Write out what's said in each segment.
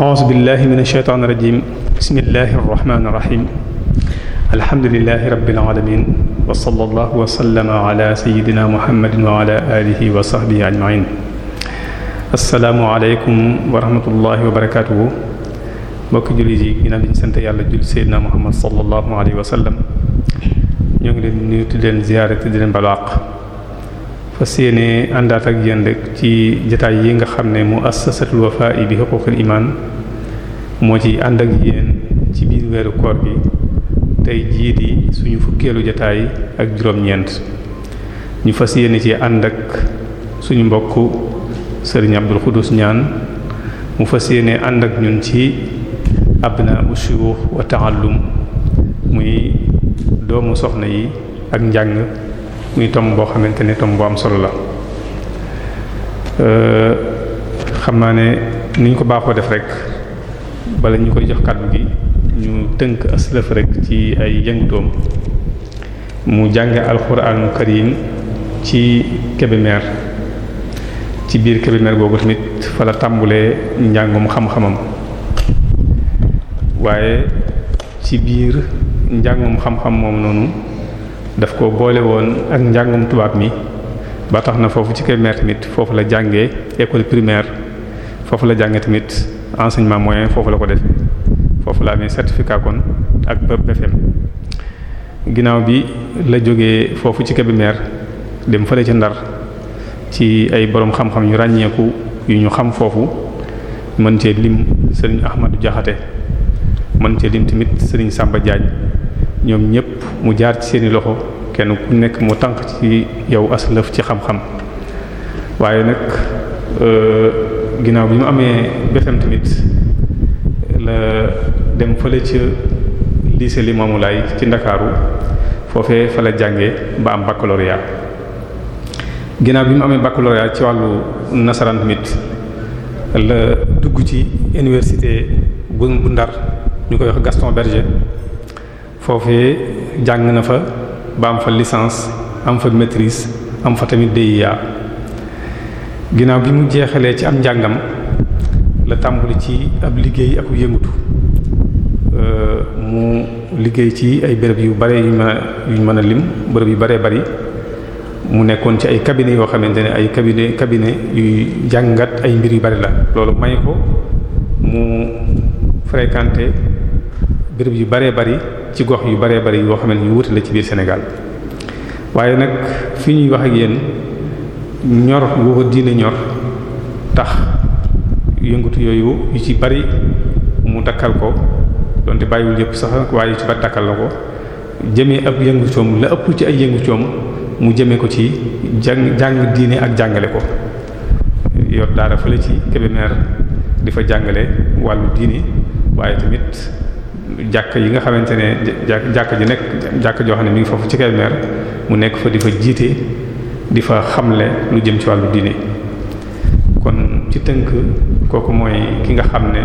aus billahi min alsheytaan irajim bismillahi arrahmani irrahim alhamdulilahi rabilalamin wasala allahu wasallama ala seyidina mohammadin wa ala alihi wa saxbihi ajmain asalaamu aleykum wa rahmatullahi wa barakatuhu mbokki jullit yi ginnaaw bi ñu sant yàlla julli seydina muhammad sallallahu alayhi wa sallam ñoo ngi leen nuyu di leen ziyaare te di leen balaq fas yéene àndaat ak yéen rek ci jataay yi nga xam ne muassasatul wafa'i bi huquqil iman moo ci ànd ak yéen ci biir weeru koor bi tey jii di suñu fukkeelu jataay ak juróom-ñeent ñu fas yéene ci ànd ak suñu mbokk sëriñ Abdul Xudus ñaan mu fas yéene ànd ak ñun ci abna u shuyuux wa taallum muy doomu soxna yi ak njàng muy tomb boo xamante ne tomb boo am solo la xam naa ne ni ñu ko baaxoo def rek bala ñu koy jox kàddu gi ñu tënk aslëf rek ci ay yëngatoom mu jànge alxuraanu karim ci Kébémer ci biir Kébémer googu tamit fa la tàmbulee njàngum xam-xamam waaye ci biir njàngum xam-xam moom noonu daf ko boole woon ak njàngum tubaab mi ba tax na foofu ci Kébémer tamit foofu la jàngee école primaire foofu la jàngee tamit enseignement moyen foofu la ko defee foofu la amee certificat kon ak BFM ginnaaw bi la jógee foofu ci Kébémer dem fële ci Ndar ci ay boroom xam-xam yu ràññeeku yu ñu xam foofu mën cee lim seen Ahmadou Diakhaté man ca lim tamit sëriñ Samba Diagne ñoom ñëpp mu jaar ci seeni loxo kenn ku nekk mu tànq ci yow aslëf ci xam-xam waaye nag euh, ginnaaw bi mu amee besam tamit la dem fële ca lycée Limamou Laye ci Ndakaaru foofee fa la jànge ba am baccalauréat ginaaw bi mu amee baccalauréat ci wàllu nasaraan tamit la dugg ci université bu bu Ndar ñu koy wax Gaston Berger foofee jàng na fa ba am fa licence am fa maîtrise am fa tamit DEA ginnaaw bi mu jeexalee ci am njàngam la tàmbali ci ab liggéey ak yëngutu euh, mu liggéey ci ay béréb yu bare yuñ mën a yuñ mën lim bërëb yu bare bari mu nekkoon ci ay cabinet yoo xamante ne ay cabinet cabinet yuy jàngat ay mbir yu bari la loolu may ko mu fréquenté béréb yu baree bari ci gox yu baree bari yoo xam ni wuti wuute la ci biir Sénégal waaye nag fi ñuy wax ak ñor woo diine ñor tax yëngutu yooyu yu ci bari mu dakkal ko donte bàyyiwul yëpp sax waaye yu ci bari dakkal la ko jëmee ab yëngu coom la ëpp ci ay yëngu mu jëmee ko ci jàng jàng diine ak jàngale ko yor daara fële ci Kébémer di fa jàngale wàllu diine waaye tamit jàkk yi nga xamante ne jàkk ji nekk jàkk joo xam ne mi ngi foofu ci meer mu nekk fa di fa jiite di fa xamle lu jëm ci wàllu diine kon ci tënk kooku mooy ki nga xam ne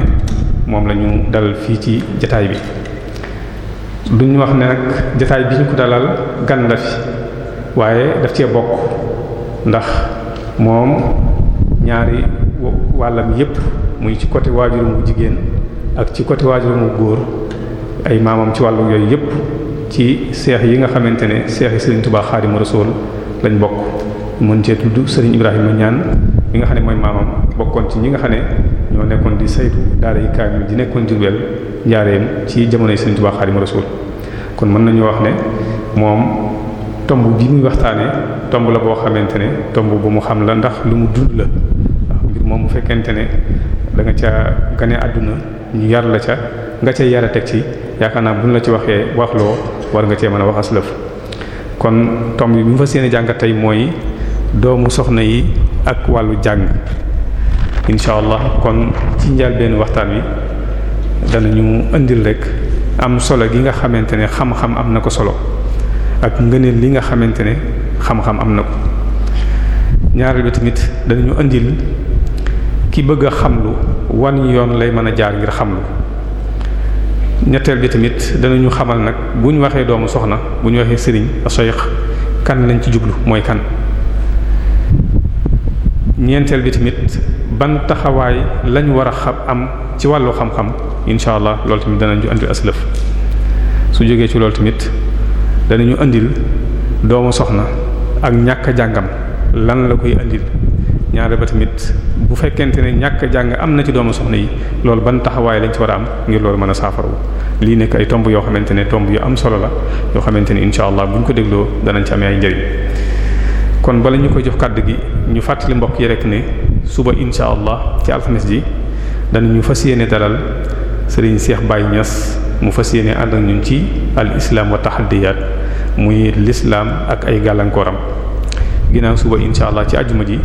moom lañu ñu dalal fii ci jataay bi duñu wax ne nag jataay bi ñu ko dalal gan la fi waaye daf cee bokk ndax moom ñaari wàllam yépp muy ci côté waajurum bu jigéen ak ci côté waajurum bu góor ay maamam ci wàllu yooyu yëpp ci seex yi nga xamante ne seex yi Serigne Touba Xaadimu Rasuul lañ bokk mën cee tudd Serigne Ibrahima ñaan mi nga xam ne mooy maamam bokkoon ci ñi nga xam ne ñoo nekkoon di saytu daara yi kaamil di nekkoon Jurbel njaareem ci jamono jamonoy Serigne Touba Xaadimu Rasuul kon mën nañu wax ne moom tomb bi muy waxtaanee tomb la boo xamante ne tomb bu mu xam la ndax lu mu dund la mbir moom bu fekkente ne da ca caa gane àdduna ñu yar la ca nga ca a teg ci yaakaar naa buñ la ci waxee waxloo war nga cee mën a wax aslëf kon tomb bi mu fa seen jàngat tey mooy doomu soxna yi ak wàllu jàng incha allah kon ci njaal benn waxtaan wi dana danañu indil rekk am solo gi nga xamante ne xam-xam am na ko solo ak ngëneel li nga xamante ne xam-xam am na ko ñaareel bi tamit danañu indil ki bëgg a xamlu wan yoon lay mën a jaar ngir xam lu ñetteel bi tamit ñu xamal nag bu ñu waxee doomu soxna bu ñu waxee sëriñ asoyix kan lañ ci jublu mooy kan ñeenteel bi tamit ban taxawaay lañ war a xam am ci wàllu xam-xam incha allah loolu tamit danañu andi aslëf su jógee ci loolu tamit danañu indil doomu soxna ak ñàkk jàngam lan la koy andil ñaare ba tamit bu fekkente ne ñàkk jàng am na ci doomu soxna yi loolu ban taxawaay lañ ci war a am ngir loolu mën a saafara lii nekk ay tomb yoo xamante ne tomb yu am solo la yoo xamante ne incha allah buñ ko dégloo danañ ci amee ay njëriñ kon bala ñu koy jox kàddu gi ñu fàttali mbokk yi rek ne suba incha allah ci alxames ji ñu fas yéene dalal sëriñ Cheikh Baye Niass mu fas yéene ànd ak ñun ci al islam wa taxaddiyaat muy lislaam ak ay gàllankooram ginnaaw suba incha allah ci àjjuma ji.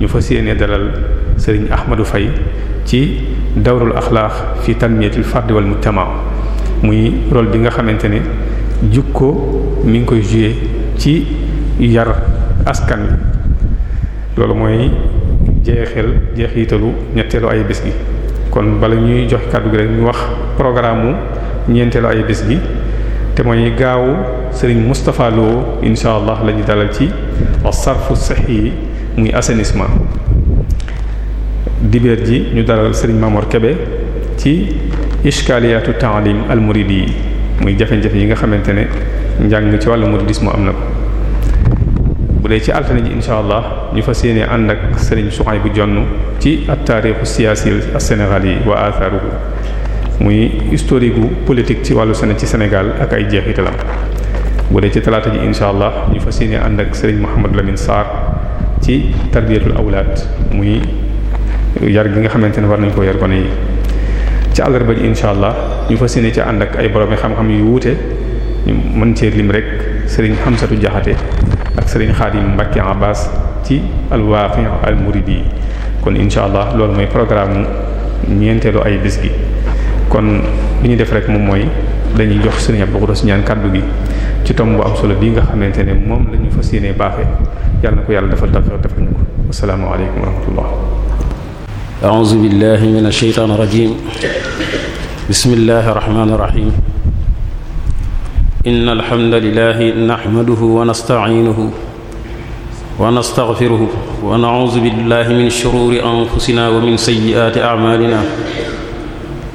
ñu fa yéene dalal sëriñ Ahmadou fay ci dawrul axlaax fi tanmiyatil fard wal mujtama muy rol bi nga xamante ne jukko mi ngi koy jouer ci yar askan wi loolu mooy jeexel jeexitalu ñetteelu ay bés gi kon bala ñuy jox kàddu gi rek ñu wax programme mu ñeenteelu ay bés gi te mooy gaawu sëriñ Moustapha Lo incha allah la dalal ci as-sarfu sahih muy assainissement dibéer ji ñu daral Serigne Mamor Kebe ci ishkaliyaatu taalim al muridi yi muy jafe-jafe yi nga xamante ne njàng ci wàllu muridisme am na ko bu dee ci altine ji insha allah ñu fa yéene ànd ak Serigne bu Jonn ci at-taarixu siyaasi as-sénégal yi wa athaaruhu muy historique gu politique ci wàllu sene ci Sénégal ak ay jeexitalam bu dee ci talaata ji insha allah ñu fas yéene ànd ak Serigne Mouhamadou Lamine Sarr ci tarbiyatul awlaad muy yar gi nga xamante ne war nañ ko yar gone yi ci àllarba ji incha allah ñu fa yéene ci ànd ak ay borome xam-xam yu wuute ñu mën cee lim rek sëriñ Xamsatu Jaxate ak sëriñ Xaadim Mbacke Abbas ci alwaaqi al muridi kon incha allah loolu mooy programme ñeenteelu ay bés kon li ñu def rek moom mooy dañuy jox sëriñ Abdou Khoudoss ñaan kàddu gi ci tomb bu am solo bii nga xamante ne moom la ñu fas yéene baaxee. yàlla na ko yàlla defal tawfiq defal ñu ko assalaamu aleykum wa rahmatullah a'uuzu billahi min ash-shaytaani rajiim bismillahi rahmaani rahiim inna alhamdulillahi nahmaduhu wa nasta'iinuhu wa nastaghfiruhu wa na'uuzu billahi min shuruuri anfusinaa wa min sayyi'aati a'maalinaa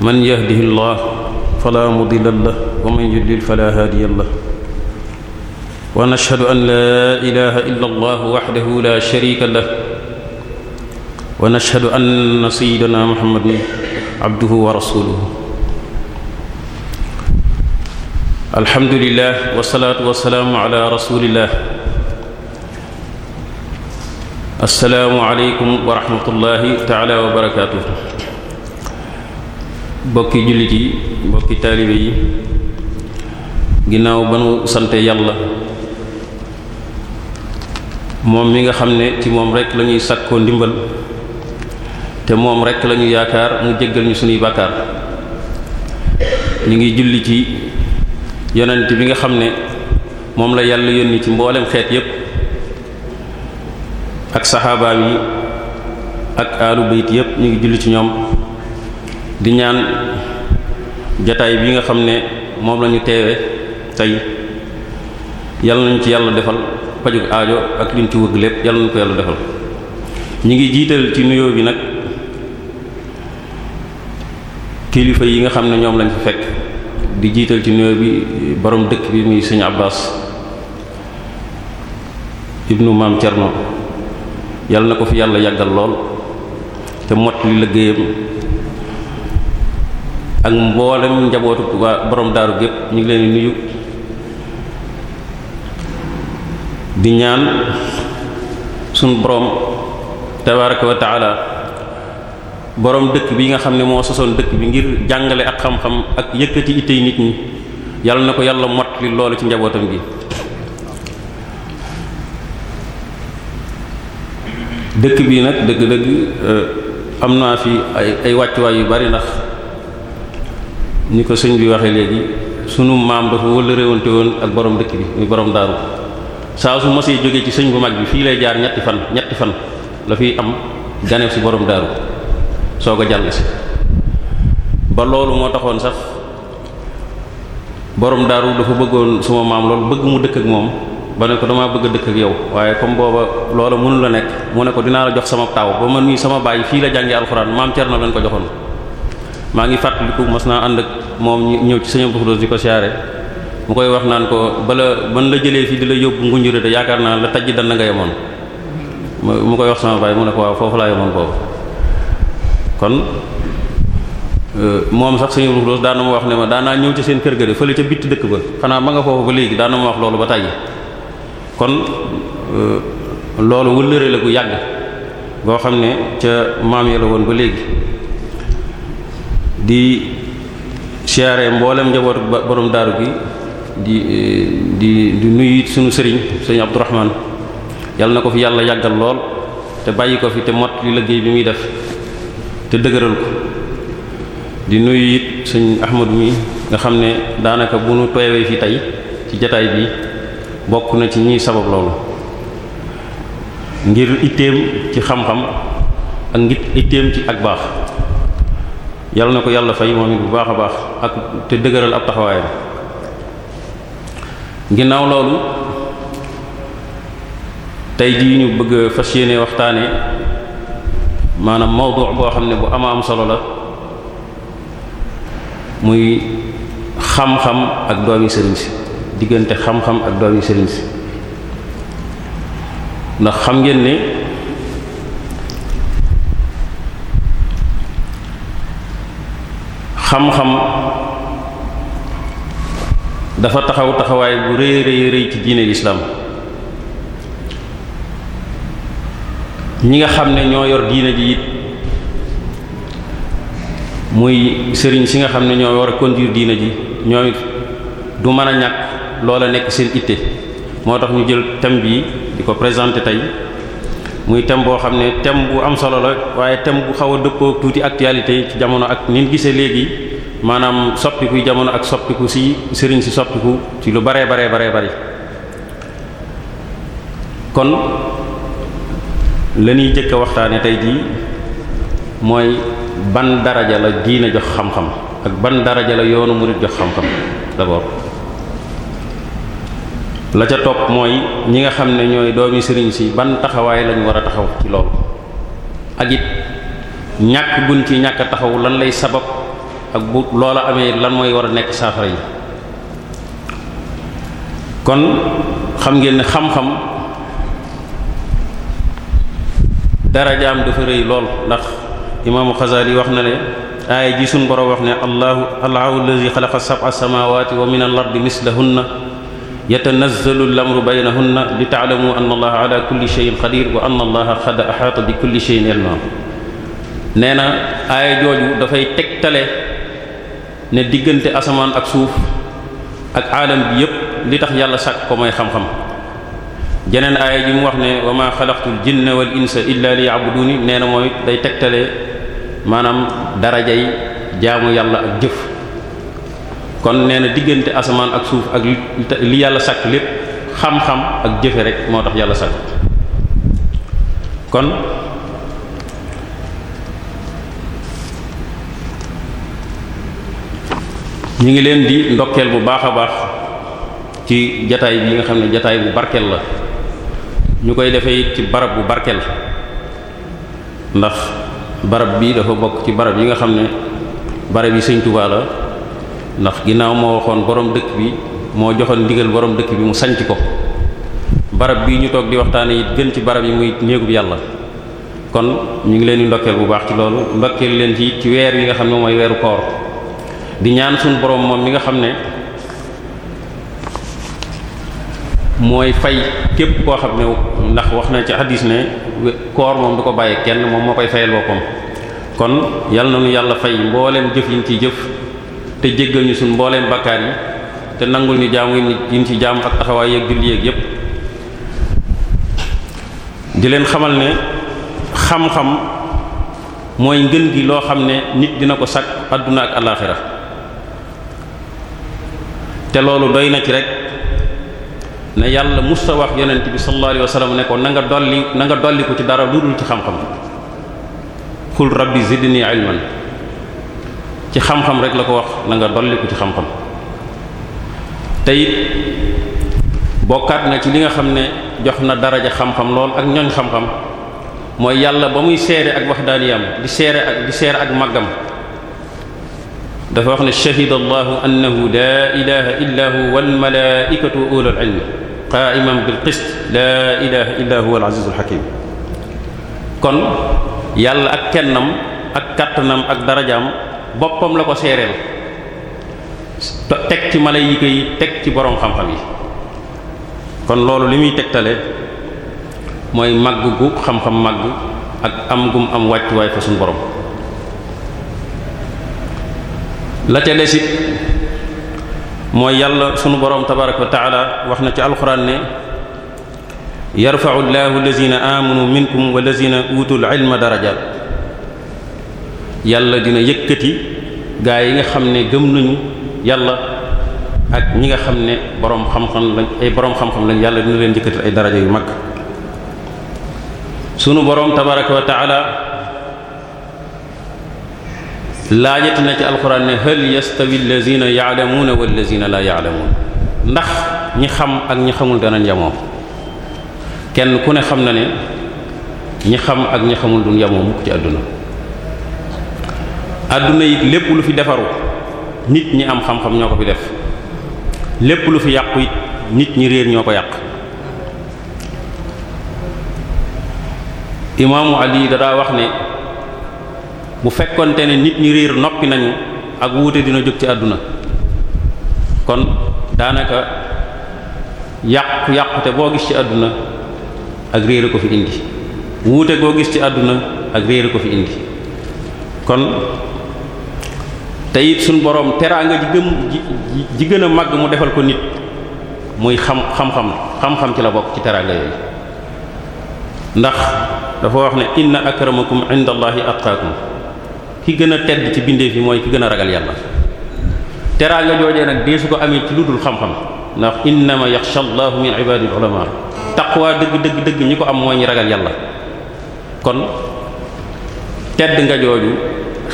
man yahdihillahu falaa mudilla lahu wa man yudlil falaa haadiya lahu ونشهد أن لا إله إلا الله وحده لا شريك له ونشهد أن سيدنا محمد عبده ورسوله الحمد لله والصلاة والسلام على رسول الله السلام عليكم ورحمة الله تعالى وبركاته bokki jullit yi bokki taalibe yi ginnaaw ba nu sante yàlla moom mi nga xam ne ci moom rekk lañuy ñuy sàkkoo ndimbal te moom rek la yaakaar mu jéggal ñu sunuy bàkkaar ñu ngi julli ci yonent bi nga xam ne moom la yàlla yónni ci mboolem xeet yépp ak saxaabaam yi ak aalu bayit yépp ñu ngi julli ci ñoom di ñaan jataay bi nga xam ne moom la ñu teewe tey yàlla nañu ci yàlla defal pajug aajo ak lu liñ ci wëgg lépp yàlla na ko yàlla defal ñi ngi jiital ci nuyoo bi nag kilifa yi nga xam ne ñoom lañ fa fekk di jiital ci nuyoo bi boroom dëkk bi muy sëñ Abbas ibnu maam Cerno yàlla na ko fi yàlla yàggal lool te mott li liggéeyam ak mboolem njabootu waa borom daaru gépp ñu ngi leen nuyu di ñaan sunu boroom tabaraka wa boroom dëkk bi nga xam ne moo sosoon dëkk bi ngir jàngale ak xam-xam ak yëkkati ittey nit ñi yàlla na ko yàlla mot li loolu ci njabootam gi dëkk bi nag dëgg-dëgg eh, am naa fi ay ay wàccuwaay yu bari ndax ni ko sëñ bi waxee léegi sunu maam dafa wëllëreewante woon ak boroom dëkk bi muy borom daaru saa su masee jógee ci sëñ bu mag bi fii lay jaar ñetti fan ñetti fan la fiy am ganew si borom daaru soog a jàll si ba loolu moo taxoon sax borom daaru dafa bëggoon suma maam loolu bëgg mu dëkk ak moom ba ne ko damaa bëgg a dëkk ak yow waaye comme booba loola mënu nekk mu ne ko dinaa la jox sama taaw ba man mii sama baay fii la jàngee alxuraan maam na leen ko joxoon maa ngi fàtt fàttaliku mas naa ànd moom ñëw ci sëñ Abdou Khoudoss di ko siyaare mu koy wax naan ko bala ban la jëlee fii di la yóbbu ngunjure te yaakaar naa la tajj dana nga yemoon mu koy wax sama baay mu ne ko waaw foofu laa yemoon boobu kon euh, moom sax sëñ Abdou Khoudoss daana ma wax ne ma daanaa ñëw ci seen kër ga de fële ca bitti dëkk ba xanaa ma nga foofu ba léegi daana ma wax loolu ba tàyyi kon euh, loolu wëllëre la gu yàgg boo xam ne ca maam ya la woon ba léegi di siyaare mboolem njabootu borom daaru bi di eh, di di nuyu suñu sëriñ sëriñ Abdourahman yàlla na ko fi yàlla yàggal lool te bàyyi ko fi te mot li liggéey bi muy def te dëgëral ko di nuyu it sëñ Ahmadu mi nga xam ne daanaka bu nu toowee fi tey ci jataay bi bokk na ci ñiy sabab loolu ngir itteem ci xam-xam ak ngir itteem ci ak baax yàlla na ko yàlla fay moom it bu baax a baax ak te dëgëral ab taxawaayam ginnaaw loolu tey jii ñu bëgg fas yéene waxtaane maanaam mawdu boo xam ne bu ama am solo la muy xam-xam ak doomi sëriñ si diggante xam-xam ak doomi sëriñ si ndax xam ngeen ne xam-xam dafa taxaw taxawaay bu rëy rëy rëy ci diine lislaam ñi nga xam ne ñoo yor diine ji it muy sëriñ si nga xam ne ñoo war a conduire diine ji ñoom it du mën a ñàkk loola nekk seen itte moo tax ñu jël thème bi di ko présenter tey muy thème boo xam ne thème bu am solo la waaye tem bu xaw a dëppoo tuuti actualité ci jamono ak nin gisee léegi maanaam soppiku jamono ak soppiku si sëriñ si soppiku ci lu baree baree baree bari kon la jëkk waxtaane tey jii mooy ban daraja la diine jox xam-xam ak ban daraja la yoonu murid jox xam-xam d'abord la ca topp mooy ñi nga xam ne ñooy doomi sëriñ si ban taxawaay lañu war a taxaw ci loolu ak it ñàkk buñ ci ñàkk taxaw lan lay sabab ak bu loola amee lan mooy war a nekk saafara yi kon xam ngeen ne xam-xam darajaam dafa rëy lool ndax imaamu Xasaali wax na ne aaya ji borom wax ne allahu allahu allazi xalaqa sab'a wa min al ardi mislahunna yatanazzalu al-amru baynahunna li ta'lamu anna allaha ala kulli shay'in qadir wa anna allaha qad aaya jooju dafay tegtale ne diggante asamaan ak suuf ak aalam bi yépp li tax yàlla sàkk ko mooy xam-xam jeneen aaya ji mu wax ne wa ma xalaqtul jinna wal insa illa liya'buduni nee na mooy day day tegtale maanaam darajay jaamu yàlla ak jëf kon nee na diggante asamaan ak suuf ak li yàlla sàkk lépp xam-xam ak jëfe rek moo tax yàlla sàkk kon ñu ngi leen di ndokkeel bu baax a baax ci jataay bi nga xam ne jataay bu barkeel la ñu koy defee it ci barab bu barkeel ndax barab bi dafa bokk ci barab yi nga xam ne barab yi sëñ Tuubaa ndax ginnaaw moo waxoon borom dëkk bi moo joxoon ndigal borom dëkk bi mu sanc ko barab bii ñu toog di waxtaane it gën ci barab yi muy néegub yàlla kon ñu ngi leen di ndokkeel bu baax ci loolu ndokkeel leen ci ci weer yi nga xam ne mooy weeru koor di ñaan suñu boroom moom mi nga xam ne mooy fay képp koo xam ne ndax wax na ci hadis ne koor moom du ko bàyyi kenn moom moo koy fayal boppam kon yal na nu yàlla fay mbooleen jëf yi ñu ciy jëf te jéggal ñu suñu mbooleen bakkaar yi te nangul ñu jaamu yi ñu ci jaam ak taxawaay yeeg julli yeeg yépp di leen xamal ne xam-xam mooy ngën gi loo xam ne nit dina ko sakk àdduna ak alaaxira te loolu doy na ci rek ne yàlla musta wax yonent bi sallallahu alayhi wasallam ne ko na nga dolli nanga nga dolli ko ci dara lu dul ci xam-xam qul rabbi zidni ilman ci xam-xam rek la ko wax na nga dolli ko ci xam-xam te bokkaat na ci li nga xam ne jox na daraja xam-xam lool ak ñoñ xam-xam mooy yàlla ba muy seere ak waxdaaniyam di seere ak di seere ak màggam dafa wax ne shahida allahu annahu la ilaha illa huwa walmalaikatu wa ulul ilmi qaiman bil qist la ilaha illa huwa al azizul hakim kon yàlla ak kennam ak kàttanam ak darajaam boppam la ko seereel teg ci malayika yi teg ci boroom xam-xam yi kon loolu li muy tegtale mooy màgg gu xam-xam màgg ak am gum am wàccuwaay fa suñu borom la ca desit mooy yàlla sunu boroom tabaraka wa taala wax na ci alxuraan ne yarfau llahu allazina amanu minkum wallazina utul ilma darajat yàlla dina yëkkati gaa yi nga xam ne gëm nañu yàlla ak ñi nga xam ne boroom xam lañ ay boroom xam-xam lañ yàlla dina leen yëkkati ay daraja yu mag sunu boroom tabaraka wa taala laajati na ci alxuraan ne hal yastawi allazina ya'lamuna wallazina la ya'lamun ndax ñi xam ak ñi xamul danañ yamoo kenn ku ne xam na ne ñi xam ak ñi xamul du yamoo mukk ci àdduna àdduna it lépp lu fi defaru nit ñi am xam-xam ñoo ko fi def lépp lu fi yàqu it nit ñi réer ñoo ko yàq imaamu ali dadaa wax ne bu fekkonte ne nit ñi réer noppi nañu ak wuute dina jóg ci àdduna kon daanaka yàqu yàqute boo gis ci àdduna ak réere ko fi indi wuute boo gis ci àdduna ak réere ko fi indi kon te it boroom teraanga ji gëm ji gën a màgg mu defal ko nit muy xam xam-xam xam-xam ci la bokk ci teraanga yooyu ndax dafa wax ne inna akramakum inda allahi atqaakum ki gën a tedd ci bindeef yi mooy ki gën a ragal yàlla teraanga joojee nag dee su ko amee ci lu dul xam-xam ndax ma yaxsha allahu min ibadil ulama taqwa dëgg dëgg dëgg ñi ko am mooy ñi ragal yàlla kon tedd nga jooju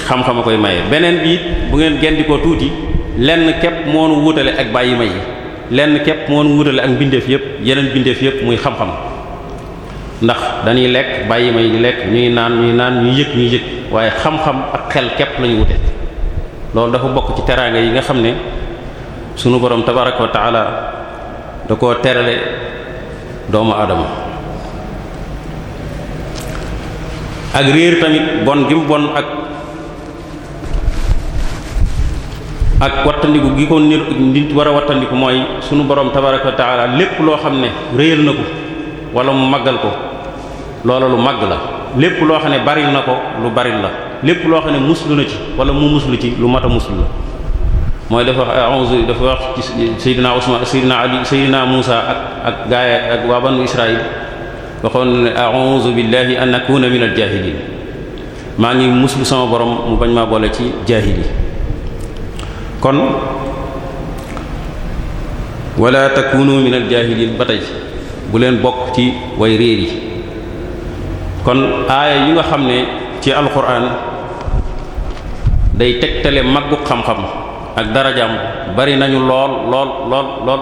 xam-xama koy maye beneen bi bu ngeen gendikoo tuuti lenn képp nu wutale ak bàyyi may yi lenn képp moonu wutale ak mbindeef yépp yeneen mbindeef yépp muy xam-xam ndax dañuy lekk bàyyi ma di lekk ñuy naan ñuy naan ñuy yëg ñuy yëg waaye xam-xam ak xel képp lañu wute loolu dafa bokk ci teraanga yi nga xam ne sunu boroom tabaraka wa da koo terale doomu aadama ak réer tamit bon gi mu bon ak ak wattandiku gi ko nit war a wattandiku mooy sunu borom tabaraka wa lépp loo xam ne réer na ko walla mu màggal ko loola lu màgg la lépp loo xam ne baril na ko lu baril la lépp loo xam ne muslu na ci wala mu muslu ci lu mat a muslu la mooy dafa wax a'uzu dafa wax ci Seydina Usman Seydina Ali Seydina Musa ak ak gaaya ak waa banu Israil waxoon ne a'uzu billahi an akuna min al jahilin maa ngi muslu sama borom mu bañ maa boole ci jaahili kon wala takunu min al jahilin ba tey bu leen bokk ci way réer yi kon aaya yi nga xam ne ci alquran day tegtale màggu xam-xam ak darajaam bari nañu lool lool lool lool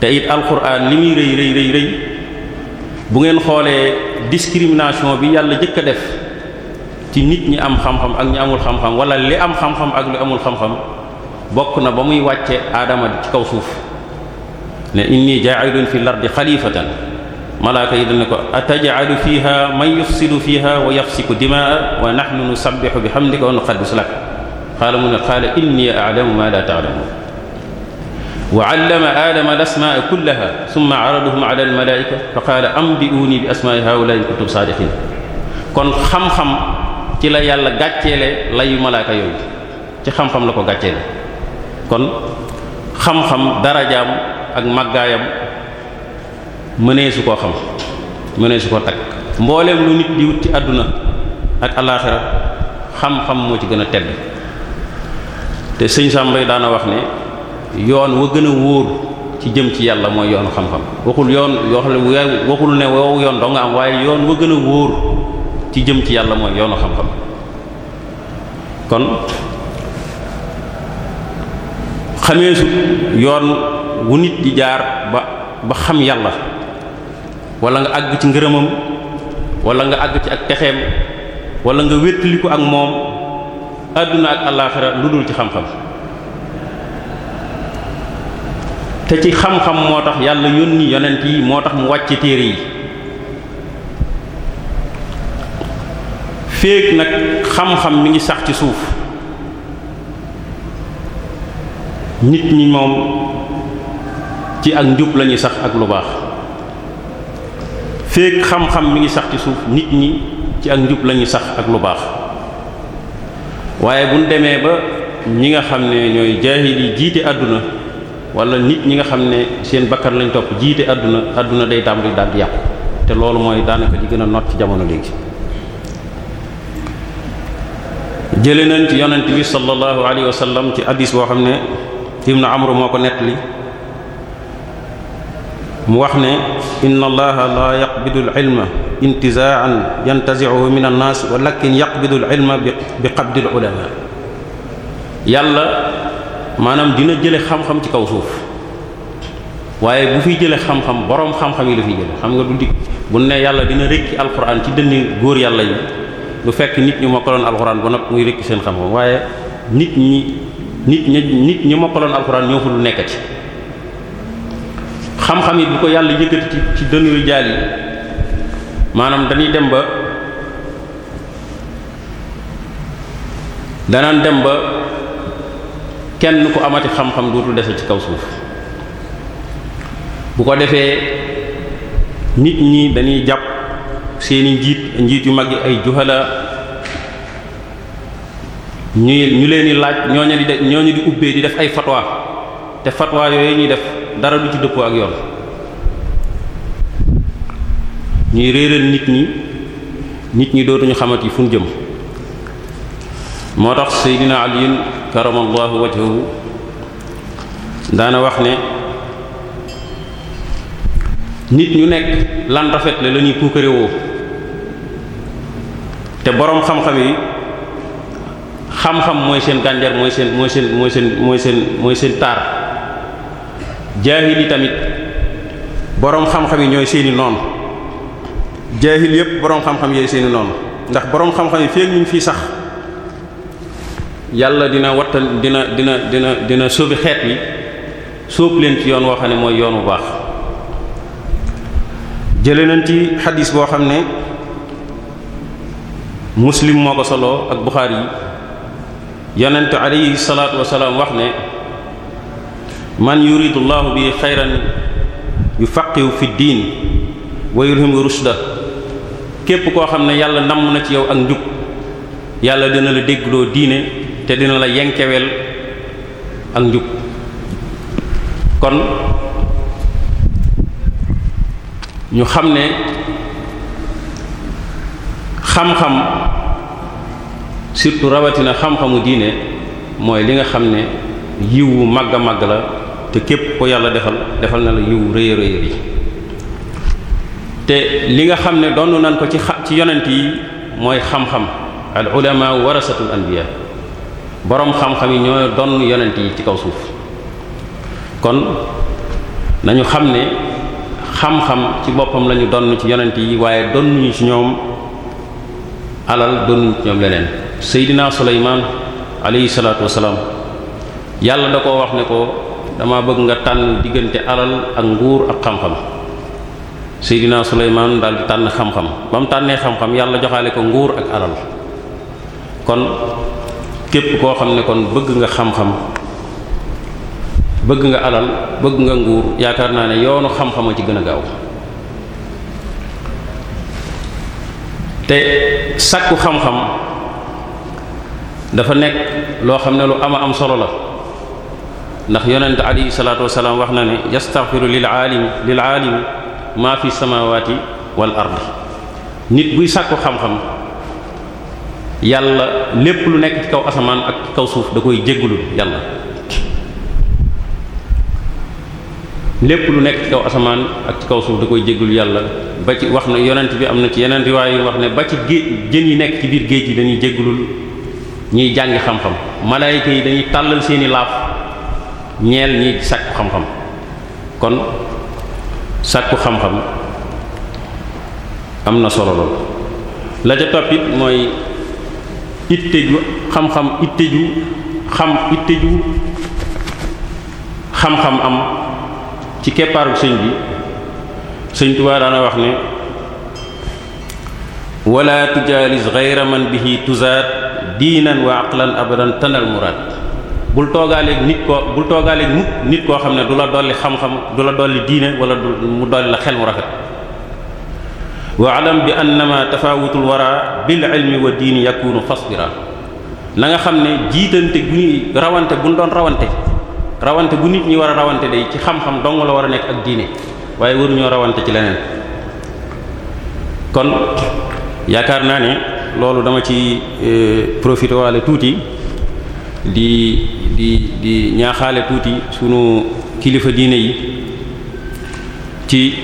te it alquran li muy rëy rëy rëy rëy bu ngeen xoolee discrimination bi yàlla jëkk a def ci nit ñi am xam-xam ak ñi amul xam-xam wala li am xam-xam ak li amul xam-xam bokk na ba muy wàcce aadama ci kaw suuf ne inni jaa'ilun fil ardi xalifatan malaaka yi dana ko ataj'alu fiha man yufsidu fiha wa yafsiku dimaa wa nahnu nusabbihu bihamdika wa nuqaddisu lak qaala mu ne qaala inni a'lamu ma la ta'lamun wa 'allama aadama al-asmaa'a kullaha thumma 'aradahum 'ala al-malaa'ika fa qaala anbi'uuni bi asmaa'i haa'ulaa'i in kuntum saadiqiin kon xam-xam ci la yàlla gàcceele layu malaaka yooyu ci xam-xam la ko gàcceele kon xam-xam darajaam ak màggaayam mënee ko koo xam mënee su koo takk mbooleem lu nit di wut ci àdduna ak alaaxira xam-xam moo ci gën a tedd te sëñ yi daana wax ne yoon wa gën a wóor ci jëm ci yàlla mooy yoonu xam-xam yoon waxul ne wow yoon doo am waaye yoon gën a wóor ci jëm ci yàlla mooy yoonu xam kon xamee su yoon wu nit di jaar ba ba xam yàlla wala nga àgg ci ngërëmam wala nga àgg ci ak texeem walla nga wéttaliku ak moom àdduna ak àllaaxira lu dul ci xam-xam te ci xam-xam moo tax yàlla yónni yonent yi moo tax mu wàcc téere yi féeg nag xam-xam mi ngi sax ci suuf nit ñi moom ci ak njub lañuy sax ak lu baax féeg xam-xam mi ngi sax ci suuf nit ñi ci ak njub lañuy sax ak lu baax waaye buñ demee ba ñi nga xam ne ñooy jaahil yi jiite àdduna wala nit ñi nga xam ne seen bakkan lañ topp jiite àdduna àdduna day tàmbali daal di yàqu te loolu mooy daanaka di gën a not ci jamono léegi jële nañ ci yonent bi sallallahu alayhi wa ci hadis boo xam ne ibnu amru moo ko nettali mu wax ne inna allaha laa yaqbidu al ilma intizaan yantazi'uhu min an naas walakin yaqbidu al ilma bi qabdi al ulama yàlla maanaam dina jële xam-xam ci kaw suuf waaye bu fiy jële xam-xam boroom xam-xam yi la fiy jële xam nga du dikk bu ne yàlla dina rekki alquran ci dënni góor yàlla yi du fekk nit ñu mokkaloon alquran ba noppi muy rekki seen xam-xam waaye nit ñi nit ñi nit ñi mokkaloon alquran ñoo fa lu nekkati xam-xam bu ko yàlla yëkkati ci ci dënnu jaal yi maanaam dañuy dem ba danaan dem ba kenn ku amati xam-xam dootul dese ci kaw suuf bu ko defee nit ñi dañuy jàpp seeni njiit njiit yu mag yi ay juhala ñuy ñu leen di laaj ñooñu di de ñooñu di ubbee di def ay fatwa te fatwa yooyu ñuy def dara du ci dëppoo ak yoon ñuy réeral nit ñi nit ñi dootuñu xamati fu ñu jëm moo tax Seydina Ali karamallahu wajhahu daana wax ne nit ñu nekk lan rafetle la ñuy puukarewoo te boroom xam-xam yi xam-xam mooy seen gànjar mooy seen mooy seen mooy seen mooy seen mooy seen taar jaahil yi tamit boroom xam-xam yi ñooy seeni noonu jaahil yépp boroom xam-xam yooyu seeni noonu ndax boroom xam-xam yi feek ñu fi sax yàlla dina wattal dina dina dina dina sóobi xeet wi sóob leen ci yoon woo xam ne mooy yoon bu baax jële nañ ci xadis boo xam ne muslim moo ko soloo ak buxaar yi yonent alayhi salaatu wasalaam wax ne man yuridu llahu bi xayran yufaqihu fi diin wa yulhimu rushda képp koo xam ne yàlla namm na ci yow ak njub yàlla dina la déggloo diine te dina la yenkeweel ak njug kon ñu xam ne xam-xam surtout rawatina xam-xamu diine mooy li nga xam ne yiwu màgg a màgg la te képp ko yàlla defal defal na la yiw rëy rëy yi te li nga xam ne donn nañ ko ci ci yonent yi mooy xam-xam al ulama warasatul anbiya boroom xam-xam yi ñoo donn yonent yi ci kaw suuf kon nañu xam ne xam-xam ci boppam lañu donn ci yonent yi waaye donnuñu ci ñoom alal donnuñu ñoom leneen seydinaa suleymaan aleyhi salaatu yàlla da koo wax ne ko dama bëgg nga tànn diggante alal ak nguur ak xam-xam Seydina Suleymaan daal di tànn xam-xam ba mu tànnee xam-xam yàlla joxaale ko nguur ak alal kon képp koo xam ne kon bëgg nga xam-xam bëgg nga alal bëgg nga nguur yaakaar naa ne yoonu xam-xam a ci gën a gaaw te sàkku xam-xam dafa nekk loo xam ne lu ama am solo la ndax yonent alayhi salaatu salaam wax na ne yastaghfiru lil aalimi lil aalimi maa fi samawati wal ardi nit buy sàkku xam-xam yàlla lépp lu nekk ci kaw asamaan ak ci kaw suuf da koy jéggulul yàlla lépp lu nekk ci asamaan ak ci da koy jéggul yàlla ba ci wax na yonent bi am na ci yeneen riwaay yu wax ne ba ci géej jën yi nekk ci biir géej gi dañuy jéggulul ñuy jàngi xam-xam malaayika yi dañuy tàllal seeni laaf ñeel ñi sàkku xam-xam kon sàkku xam-xam am na solo la ca topp it mooy itte ju xam-xam itte ju ju xam-xam am ci keppaaru sëñ bi sëñ Tuubaa daana wax ne wala tujaalis gayra man bihi tuzaat diinan wa aqlan abadan tanal muraad bul toogaaleeg nit koo bul toogaaleeg mukk nit koo xam ne du la dolli xam-xam du la dolli diine wala du mu dolli la xel mu rafet wa alam bi annama tafawutul wara bil ilmi wa diini yakunu fasbira na nga xam ne jiitante gu rawante bu doon rawante rawante bu nit ñi war a rawante day ci xam-xam la war a nekk ak diine waaye waruñoo rawante ci leneen kon yaakaar naa ne loolu dama ci eh, profité waale tuuti di di di ñaaxaale tuuti sunu kilifa diine yi ci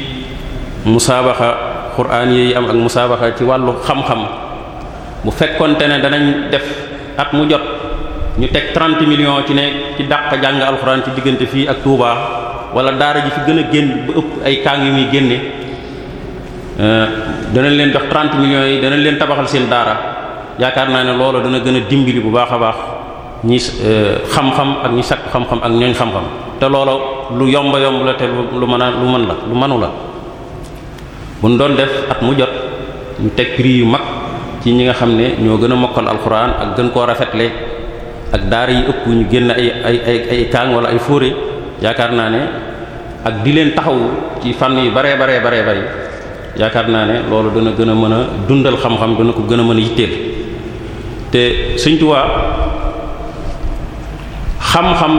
musaabaxa quraan yi am ak musaabaxa ci wàllu xam-xam bu fekkonte ne danañ def at mu jot ñu teg 30 million ci ne ci dàq jàng alxuraan ci diggante fii ak Touba wala daara ji fi gën a génn ba ëpp ay kàng yu muy génne euh, danañ leen jox 30 million yi danañ leen tabaxal seen daara yaakaar naa ne loolu dana gën a dimbali bu baax a baax ñi euh, xam-xam ak ñi sakk xam-xam ak ñooñ xam-xam te looloo lu yomba yomb la te lu mën a lu mën la lu mënu la buñ doon def at mu jot ñu teg prix yu mag ci ñi nga xam ne ñoo gën a mokkal alxuraan ak gën koo rafet rafetle ak daar yi ëpp ñu génn ay ay ay ay kaang ay fóore yaakaar naa ne ak di leen taxaw ci fànn yu baree baree baree bari yaakaar naa ne loolu dana gën a mën a dundal xam-xam dana ko gën a mën a yitteel te Sëriñ Tuubaa xam-xam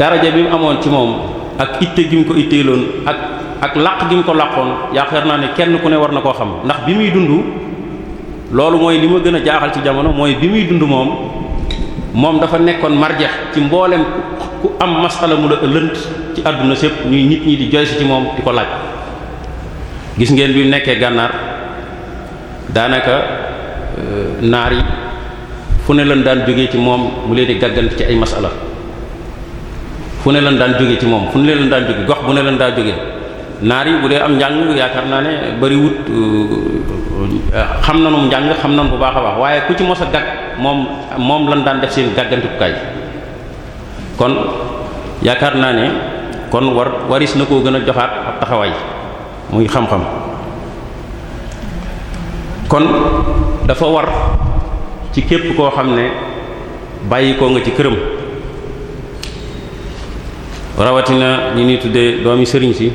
daraja bi mu amoon ci moom ak itte gi mu ko itteeloon ak ak laq gi mu ko laqoon yaakaar naa ne kenn ku ne war na koo xam ndax bi muy dund loolu mooy li ma gën a jaaxal ci jamono mooy bi muy dund moom moom dafa nekkoon marjex ci mboolem ku am masala mu la ëllënt ci àdduna sépp ñuy nit ñi di joysi ci moom di ko laaj gis ngeen bi nekkee gànnaar daanaka euh, naar yi fu ne lan daan jógee ci moom mu leen di gàggant ci ay masala fu ne lan daan jógee ci moom fu ne lan daan jóge gox bu ne lan daan jógee naar yi bu dee am njàng yaakaar naa ne bari euh, xam na nanu njàng xam nanu bu baax a baax waaye ku ci mos a gàgg moom moom lan daan def seen gàggantukaay kon yaakaar naa ne kon war waris na koo gën a joxaat ab taxawaay muy xam-xam kon dafa war ci képp koo xam ne bàyyi koo nga ci këram rawatina ñi ni tuddee doomi sëriñ si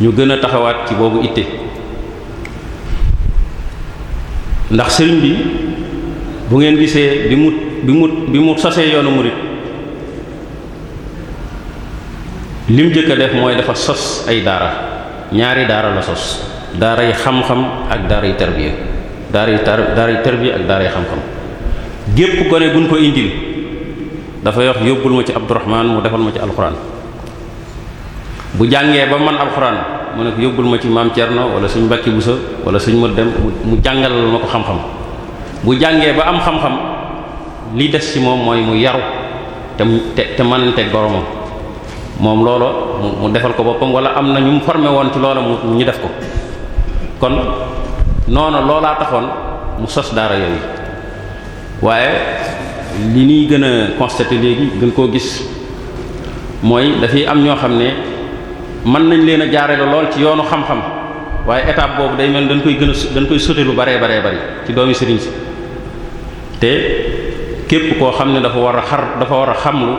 ñu gën a taxawaat ci boobu itte ndax sëriñ bi bu ngeen gisee bi mu bi mu bi mu sosee yoonu murit lim jëkk a def mooy dafa sos ay daara ñaari daara la sos daara yi xam-xam ak daara yi tarbiya daara yu tar daara yu tarbiya ak daara yu xam-xam gépp gone guñ ko indil dafa wax yóbbul ma ci Abdurahman mu defal ma ci alxuraan bu jàngee ba man alxuraan mu ne ko yóbbul ma ci maam Thierno wala suñ Mbacke Bousso wala suñ ma dem mu jàngal ma ko xam-xam bu jàngee ba am xam-xam li def ci moom mooy mu yaru te te te mënanteeg boromam moom loolo mu defal ko boppam wala am na ñu mu formé woon ci loola mu ñu def ko kon. noona loolaa taxoon mu sos daara yooyu waaye li ñuy gën a constater léegi gën koo gis mooy dafay am ñoo xam ne mën nañ leen a jaarale lool ci yoonu xam-xam waaye étape boobu day mel dañ koy gën a dañ koy sote lu baree baree bari ci doomi sëriñ si te képp koo xam ne dafa war a xar dafa war a xamlu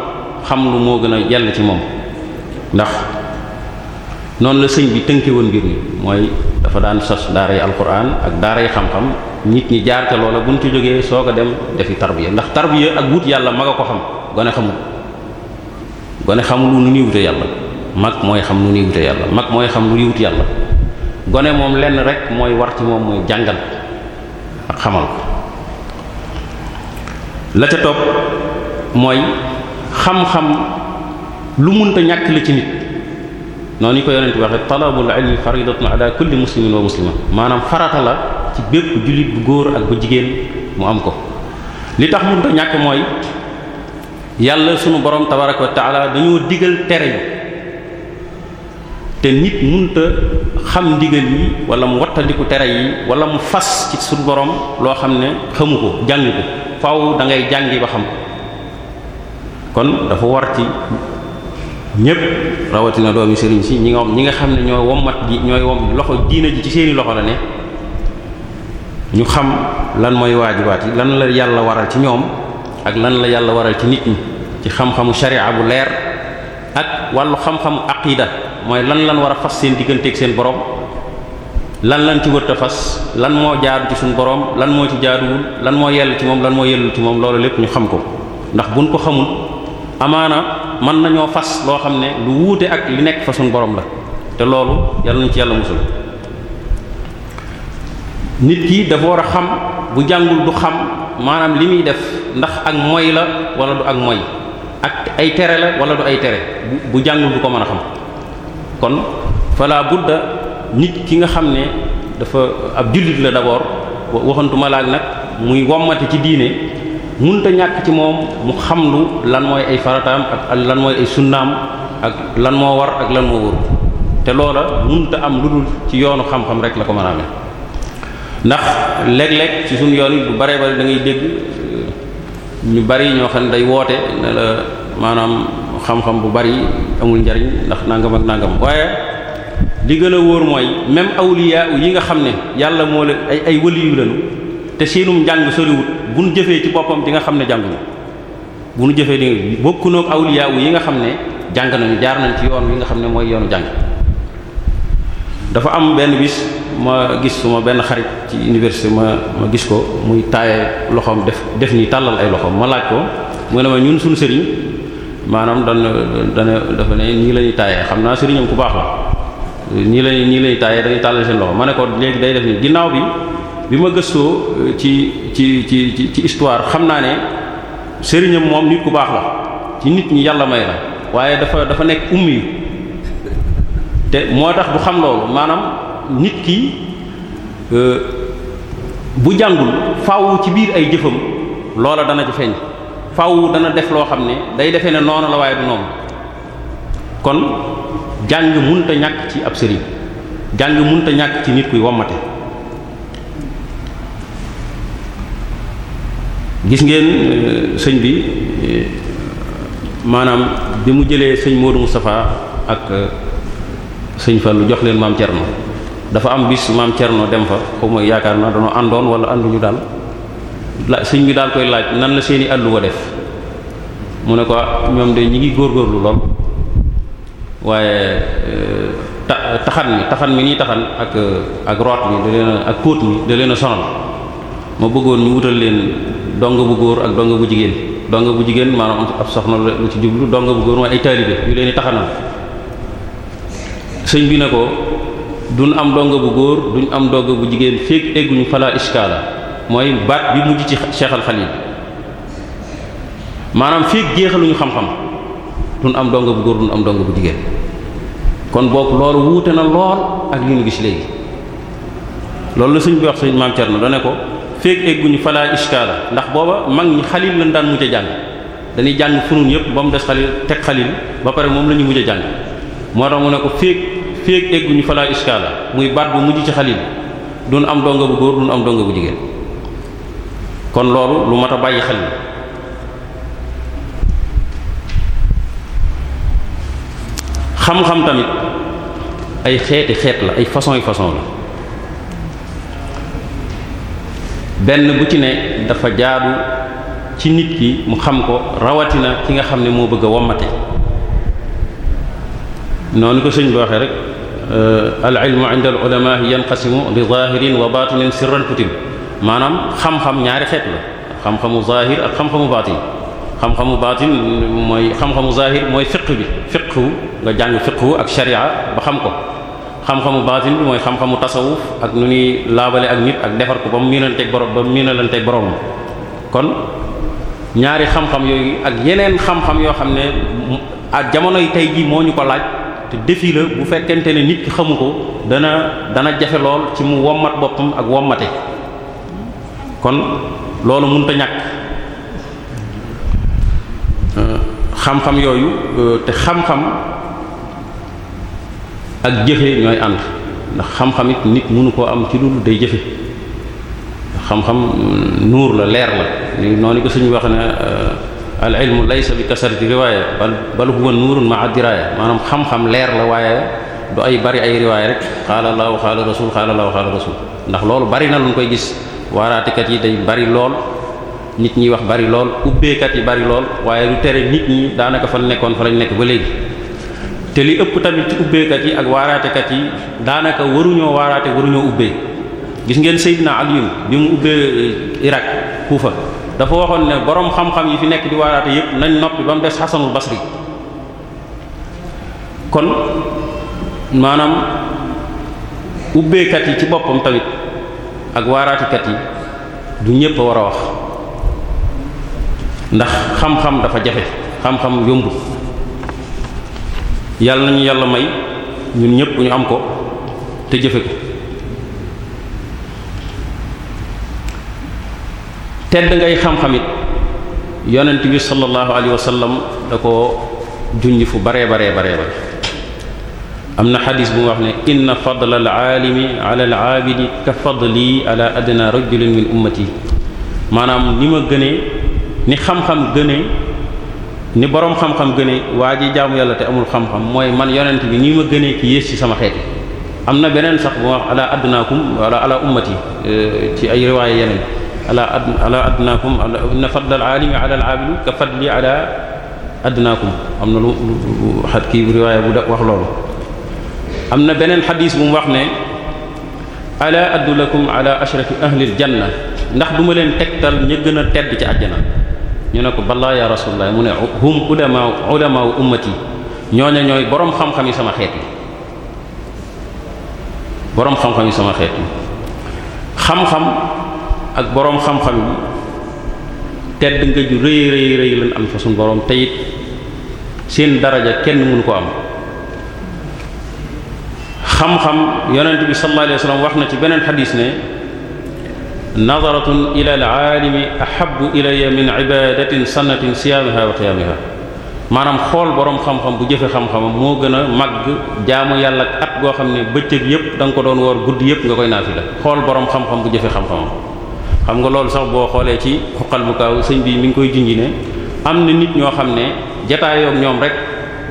xamlu moo gën a yell ci moom ndax noonu la sëñ bi tënke woon mbir mi mooy dafa daan sos daara yi alquran ak daara yi xam-xam nit ñi jaar ca loola buñ ci jógee soog a dem defi tarbiya ndax tarbiya ak wut yàlla mag a ko xam gone xamul gone xamul nu ñuy wute yàlla mag mooy xam nu ñuy mag mooy xam lu ñuy wut yàlla gone moom lenn rek mooy war ci moom mooy jàngal ak xamal ko la ca topp mooy xam-xam lu munta ñàkk la ci nit noonu ko yonent waxe talabul ilmi faridatun ala kulli muslimin wa muslima maanaam farata la ci bépp jullit bu góor ak bu jigéen mu am ko li tax mënut ñàkk mooy yàlla sunu borom tabaraka wa taala dañoo digal tere yi te nit mënut a xam ndigal yi wala mu wattandiku tere yi walla mu fas ci sunu borom loo xam ne xamu ko jàng ko faaw da ngay jàngi ba xam kon dafa war ci ñëpp rawatina doomi sëriñ si ñi nga ñi nga xam ne ñooy wommat ji ñooy wom loxo diina ji ci seeni loxo la ne ñu xam lan mooy waajibaat yi lan la yàlla waral ci ñoom ak lan la yàlla waral ci nit ñi ci xam-xamu sharia bu leer ak wàllu xam-xamu aqida mooy lan lan war a fas seen digganteeg seen borom lan lan ci wër fas lan moo jaadu ci suñu borom lan moo ci jaaduwul lan moo yell ci moom lan moo yellul ci moom loolu lépp ñu xam ko ndax buñ ko xamul amaana mën nañoo fas loo xam ne lu wuute ak li nekk fa suñu borom la te loolu yàlla nañ ci yàlla musul nit kii dafa war a xam bu jàngul du xam maanaam li muy def ndax ak moy la wala du ak moy ak ay tere la wala du ay tere bu jàngul du ko mën a xam kon fala budda nit ki nga xam ne dafa ab jullit la d'abord waxantuma laag nag muy wommate ci diine mënut a ñàkk ci moom mu xam lu lan mooy ay farataam ak lan mooy ay sunnaam ak lan moo war ak lan moo wër te loola mënut a am lu dul ci yoonu xam-xam rek la ko man a amee ndax léeg-léeg ci suñu yoon yi bu baree bari da ngay dégg euh, ñu bari ñoo xam ne day woote ne la maanaam xam-xam bu bari amul njariñ ndax nangam ak nangam waaye li gën a wóor mooy même awliya yi nga xam ne yàlla moo leen ay ay waliyu lañu te seenum njàng soriwut bu nu jëfee ci boppam di nga xam ne jànguñu bu nu jëfee di bokkunoog awliyaawu yi nga xam ne jàng nañu jaar nañ ci yoon wi nga xam ne mooy yoonu jàng dafa am benn bis ma gis suma benn xarit ci université ma ma gis ko muy taaye loxoom def def ni tàllal ay loxoom ma laaj ko mu ne ma ñun suñu sëriñ maanaam dana dana dafa ne nii la ñuy taayee xam naa sëriñam ku baax la nii la ñuy nii la taayee dañuy tàllal seen loxo ma ne ko léegi day def bi ma gëstoo euh, ci ci ci ci histoire xam naa ne sëriñam moom nit ku baax la ci nit ñi yàlla may la waaye dafa dafa nekk ummi yu te moo tax bu xam loolu maanaam nit ki euh, bu jàngul faw ci biir ay jëfam loola dana ci feeñ faawu dana def loo xam ne day defe ne noonu la waaye du noonu kon jàng munta ñàkk ci ab sëriñ jàng munta ñàkk ci nit kuy wommate gis ngeen euh, sëñ bi euh, maanaam bi mu jëlee sëñ Modou Moustapha ak euh, sëñ lu jox leen maam Thierno dafa am bis maam Thierno dem fa xaw yaakaar naa dañoo àndoon wala ànduñu daal la sëñ bi daal koy laaj nan la seeni àlluwa def mu ne ko ah, ñoom de ñi ngi góor góorlu lool waaye taxan mi taxan mi nii taxan ak ak root mi da leen a ak póot mi da leen a sonal ma bëggoon ñu wutal leen dong bu góor ak dong bu jigéen dongo bu jigéen maanaam ab soxna lu ci jublu dongo bu góor mooy ay taalibe yu leen di taxanal sëñ bi ne ko duñ am dongo bu góor duñ am dongo bu jigéen feek egguñu fala iskaala mooy baat bi mujj ci Cheikh maanaam feek jeexaluñu xam-xam duñ am dong bu duñ am dong bu jigéen kon boog loolu wuute na lool ak li ñu gis léegi loolu la sëñ bi wax sëñ maam Thierno da ne ko. feeg egguñu falaa ishkaala ndax booba mag ñi xalil lañ daan mujj a jàng dañuy jàng funuun yëpp ba mu des xalil teg xalil ba pare moom la ñu mujj a jàng moo tax mu ne ko feeg feeg egguñu falaa ishkaala muy baat bu mujj ci xalil duñ am donga bu góor duñ am donga bu jigéen kon loolu lu mat a bàyyi xel xam-xam tamit ay xeeti xeet la ay façon yi façon la benn bu ci ne dafa jaadu ci nit ki mu xam ko rawatina ki nga xam ne moo bëgg a wommate noonu ko sëñ bi waxee rek euh, al ilmu inda al ulama yanqasimu li zahirin wa batinin sirran kutim maanaam xam ñaari xeet la xam-xamu zahir ak xam-xamu batin xam-xamu batin mooy xam-xamu zahir mooy fiq bi fiqu nga jàng fiqu ak sharia ba xam ko xam-xamu baatin bi mooy xam-xamu tasawuf ak nu ñuy laabale ak nit ak defar ko ba mu miinanteeg borom ba mu miinanteeg boromam kon ñaari xam-xam yooyu ak yeneen xam-xam yoo xam ne ak jamonoy tey jii moo ñu ko laaj te defi la bu fekkente ne nit ki xamu ko dana dana jafe lool ci mu wommat boppam ak wommate kon loolu mënta ñàkk euh, xam-xam yooyu euh, te xam-xam. ak jëfe ñooy ànd ndax xam-xam it nit mënu koo am ci dul day jëfe xam-xam nuur la leer la ni noonu ko suñu wax ne euh, al ilmu laysa bi kasarati riwaaya bal bal huwa nuurun ma addiraaya maanaam xam-xam leer la waaye du ay bari ay riwaaya rek xaala wax xaala rasul xaala laahu xaala rasul ndax loolu bari na luñ koy gis waaraatikat yi day bari lool nit ñi wax bari lool ubbeekat yi bari lool waaye lu tere nit ñi daanaka fan nekkoon fa lañ nekk ba léegi te li ëpp tamit ci ubbeekat yi ak waaraatekat yi daanaka waruñoo waaraate waruñoo ubbee gis ngeen Seydina Aliyu bi mu ubbee eh, Irak Kufa dafa waxoon ne boroom xam-xam yi fi nekk di waaraate yépp nañ noppi ba mu des Xasanul Basri kon maanaam ubbeekat yi ci boppam tamit ak waaraatekat yi du ñépp a war a wax ndax xam-xam dafa jafe xam-xam yombul yàlla nañu yàlla may ñun ñëpp ñu am ko te jëfe ko tedd ngay xam-xamit yonent bi sallallahu alayhi wa sallam da ko junj fu baree baree baree bare am na xadis bu mu wax ne inna fadla alaalimi ala alaabidi ka fadli ala adna rajulin min ummati maanaam ni ma gënee ni xam-xam gënee ni boroom xam-xam gëne waa ji jaamu yàlla te amul xam-xam mooy man yonent bi nii ma gënee ki yées ci sama xeet am na beneen sax bu ma wax ala adnaakum wala ala ummati eh, ci ay riwaaya yeneen ala ad ala adnaakum inna fadla al alimi ala al am na lu xat kii riwaaya bu wax loolu am na beneen xadis bu mu wax ne la addulakum ala ashraf ahli al janna ndax duma leen tegtal ña gën a tedd ci àjjana ñu ne ko balaa ya rasulullah mu ne hum ulama ulama ummati ñooña ñooy borom xam-xam yi sama xeet yi borom xam-xam yi sama xeet yi xam-xam ak boroom xam-xam yi tedd nga ju rëy rëy rëy lañ am fa suñu borom te it seen daraja kenn mënu ko am xam-xam yonent bi sallallahu alayhi wasallam wax na ci beneen xadis ne. nadaratun ila alaalimi ahabu ilaya min ibadatin sannatin siyaamiha wa qiyaamiha maanaam xool boroom xam-xam bu jëfe xam-xamam moo gën a màgg jaamu yàlla ak at goo xam ne bëccëg yépp da ko doon woor guddi yépp nga koy naafila xool boroom xam-xam bu jëfe xam-xamam xam nga loolu sax boo xoolee ci xuqal bu kaaw sëñ bii mi ngi koy junji am na nit ñoo xam ne jataayoog ñoom rek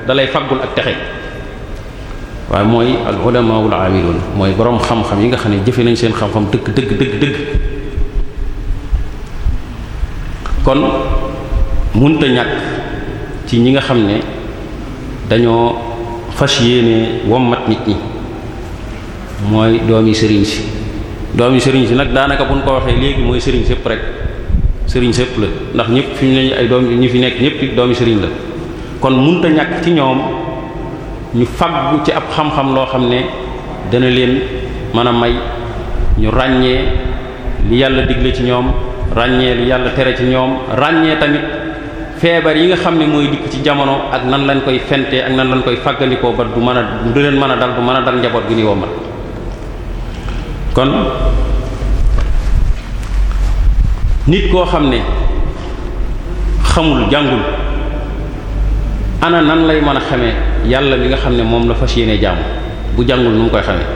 dalay faggul ak texe waaye mooy al ulamaul amilun mooy boroom xam-xam yi nga xam ne jëfe nañ seen xam-xam dëgg dëgg kon munta ñàkk ci ñi nga xam ne dañoo fas yéene wommat nit ñi mooy doomi sëriñ si doomi sëriñ si nag daanaka buñ ko waxee léegi mooy sëriñ sépp rek sëriñ sépp la ndax ñëpp fi ñu ne ay doom ñi fi nekk ñëpp doomi sëriñ la kon munta ñàkk ci ñoom ñu faggu ci ab xam-xam loo xam ne dana leen mën a may ñu ràññee li yàlla digle ci ñoom ràññee lu yàlla tere ci ñoom ràññee tamit feebar yi nga xam ne mooy dikk ci jamono ak nan lañ koy fentee ak nan lañ koy fàggandikoo ba du mën a du leen mën a dal du mën a dal njaboot gi ni wommat kon nit koo xam ne xamul jàngul ana nan lay mën a xamee yàlla bi nga xam ne moom la fas yéene jàmm bu jàngul nu mu koy xamee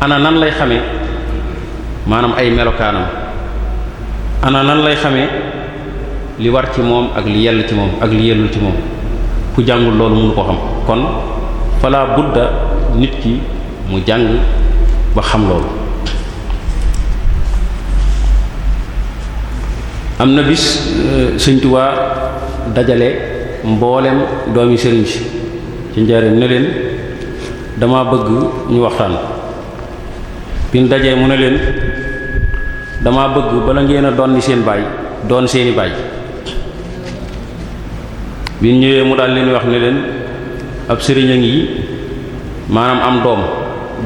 ana nan lay xamee maanaam ay melokaanam ana nan lay xamee li war ci moom ak li yell ci moom ak li yellul ci moom ku jàngul loolu mënu ko xam kon fala budda nit ki mu jàng ba xam loolu am na bis euh, Sëriñ dajale mboolem doomi sëriñ si ci njaareem ne leen dama bëgg ñu waxtaan bi ñu mu ne leen dama bëgg bala ngeen a doon ni seen baay doon seeni baay bi ñëwee mu daal leen wax ne leen ab sëriñ a ngi maanaam am doom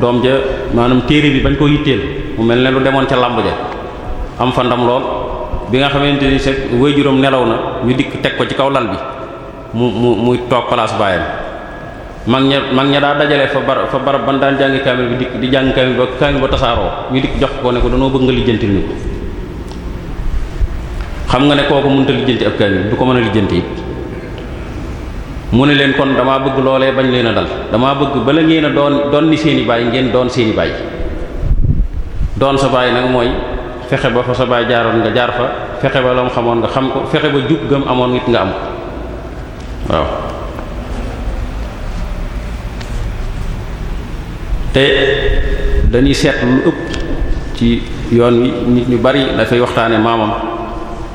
doom ja maanaam téere bi bañ ko yitteel mu mel ne lu demoon ca làmb ja am fa ndam lool bi nga xamante ni se juróom nelaw na ñu dikk teg ko ci kaw lal bi mu mu muy toog place baayam mag ña mag ña daa dajale fa bar fa barab ban daan jàngi kaamil bi dikk di jàng kaamil ba kaamil ba tasaaroo ñu dikk jox ko ne ko danoo bëgg nga lijjantil ni ko xam nga ne kooku mënta lijjanti ab kaamil du ko mën a lijjanti it mu ne leen kon damaa bëgg loolee bañ leen a dal damaa bëgg bala ngeen a doon doon ni seen i baay ngeen doon seen i baay doon sa baay nag mooy fexe ba fa sa baay jaaroon nga jaar fa fexe ba lam xamoon nga xam ko fexe ba jub gam amoon it nga am ko waaw te dañuy seet lu ëpp ci yoon wi nit ñu bari dafay waxtaane maamam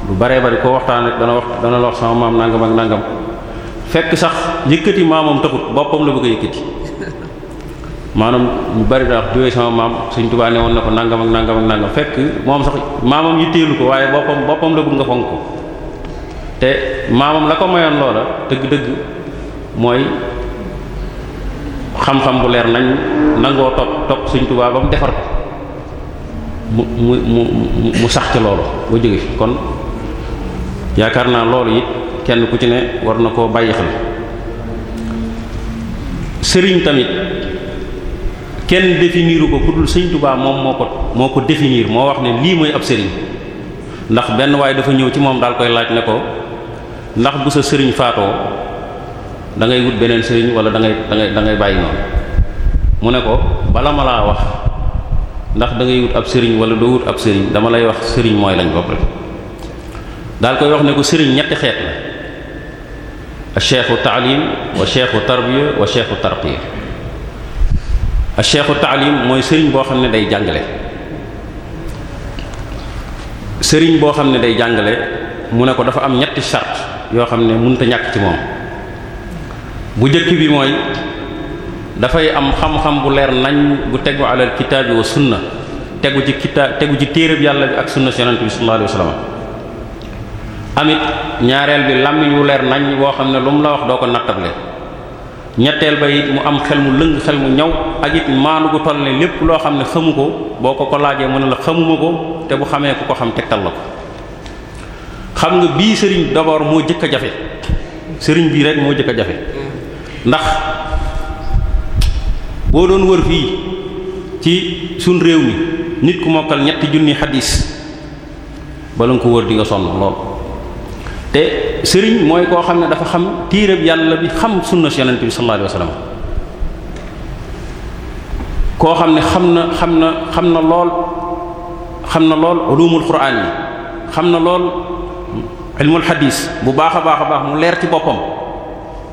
lu baree bari koo waxtaan rek dana wax dana la wax sama maam nangam ak nangam fekk sax yëkkati maamam taxut boppam la bëgg yëkkati maanaam ñu bari daa wax diwee sama maam Sëriñ Tuubaa woon na ko nangam ak nangam ak nangam fekk moom sax maamam yitteelu ko waaye boppam boppam la bëgg nga fonk ko te maamam la ko mayoon loola dëgg-dëgg mooy xam-xam bu leer nañ nangoo topp topp suñ Tuubaa ba mu defar ko mu mu mu mu sax ci loolu ba jóge kon yaakaar naa loolu it kenn ku ci ne war na koo bàyyi xel sëriñ tamit kenn définiru ko ku dul sëñ Tuubaa moom moo ko moo ko definiir moo wax ne lii mooy ab sëriñ ndax benn waaye dafa ñëw ci moom daal koy laaj ne ko ndax bu sa sëriñ faatoo da ngay wut beneen sëriñ wala da ngay da ngay bàyyi noonu mu ne ko bala ma laa wax ndax dangay wut ab sëriñ wala doo wut ab sëriñ dama lay wax sëriñ mooy lañ bopp daal koy wax ne ko sëriñ ñetti xeet la a cheikhu taalim wa cheikhu tarbiya wa cheikhu tarqiya a taalim mooy sëriñ boo xam ne day jàngale sëriñ boo xam ne day jàngale mu ne ko dafa am ñetti sart yoo xam ne mënta ñàkk ci moom bu jëkk bi mooy dafay am xam-xam bu leer nañ bu tegu alal kitaabi wa sunna tegu ci kitaab tegu ci téereb yàlla bi ak sunna si yonent bi sallallahu amit ñaareel bi làmmiñ wu leer nañ woo xam ne lu mu la wax doo ko nattable ñetteel ba it mu am xel mu lëng xel mu ñaw ak it maanu gu toll ne lépp loo xam ne xëmu ko boo ko ko laajee mën na la xamuma ko te bu xamee ku ko xam tegtal la ko xam nga bii sëriñ d'abord moo jëkk a jafe sëriñ bii rek moo jëkk a jafe ndax boo doon wër fii ci suñ réew mi nit ku mokkal ñetti junni xadis bala nga ko wër dinga sonn lool te sëriñ mooy koo xam ne dafa xam tiireeb yàlla bi xam sunna si yonent bi sallallahu alayhi wasallam koo xam ne xam na xam na xam na lool xam na lool ulumul quraan yi xam na lool ilmul xadis bu baax a baax a baax mu leer ci boppam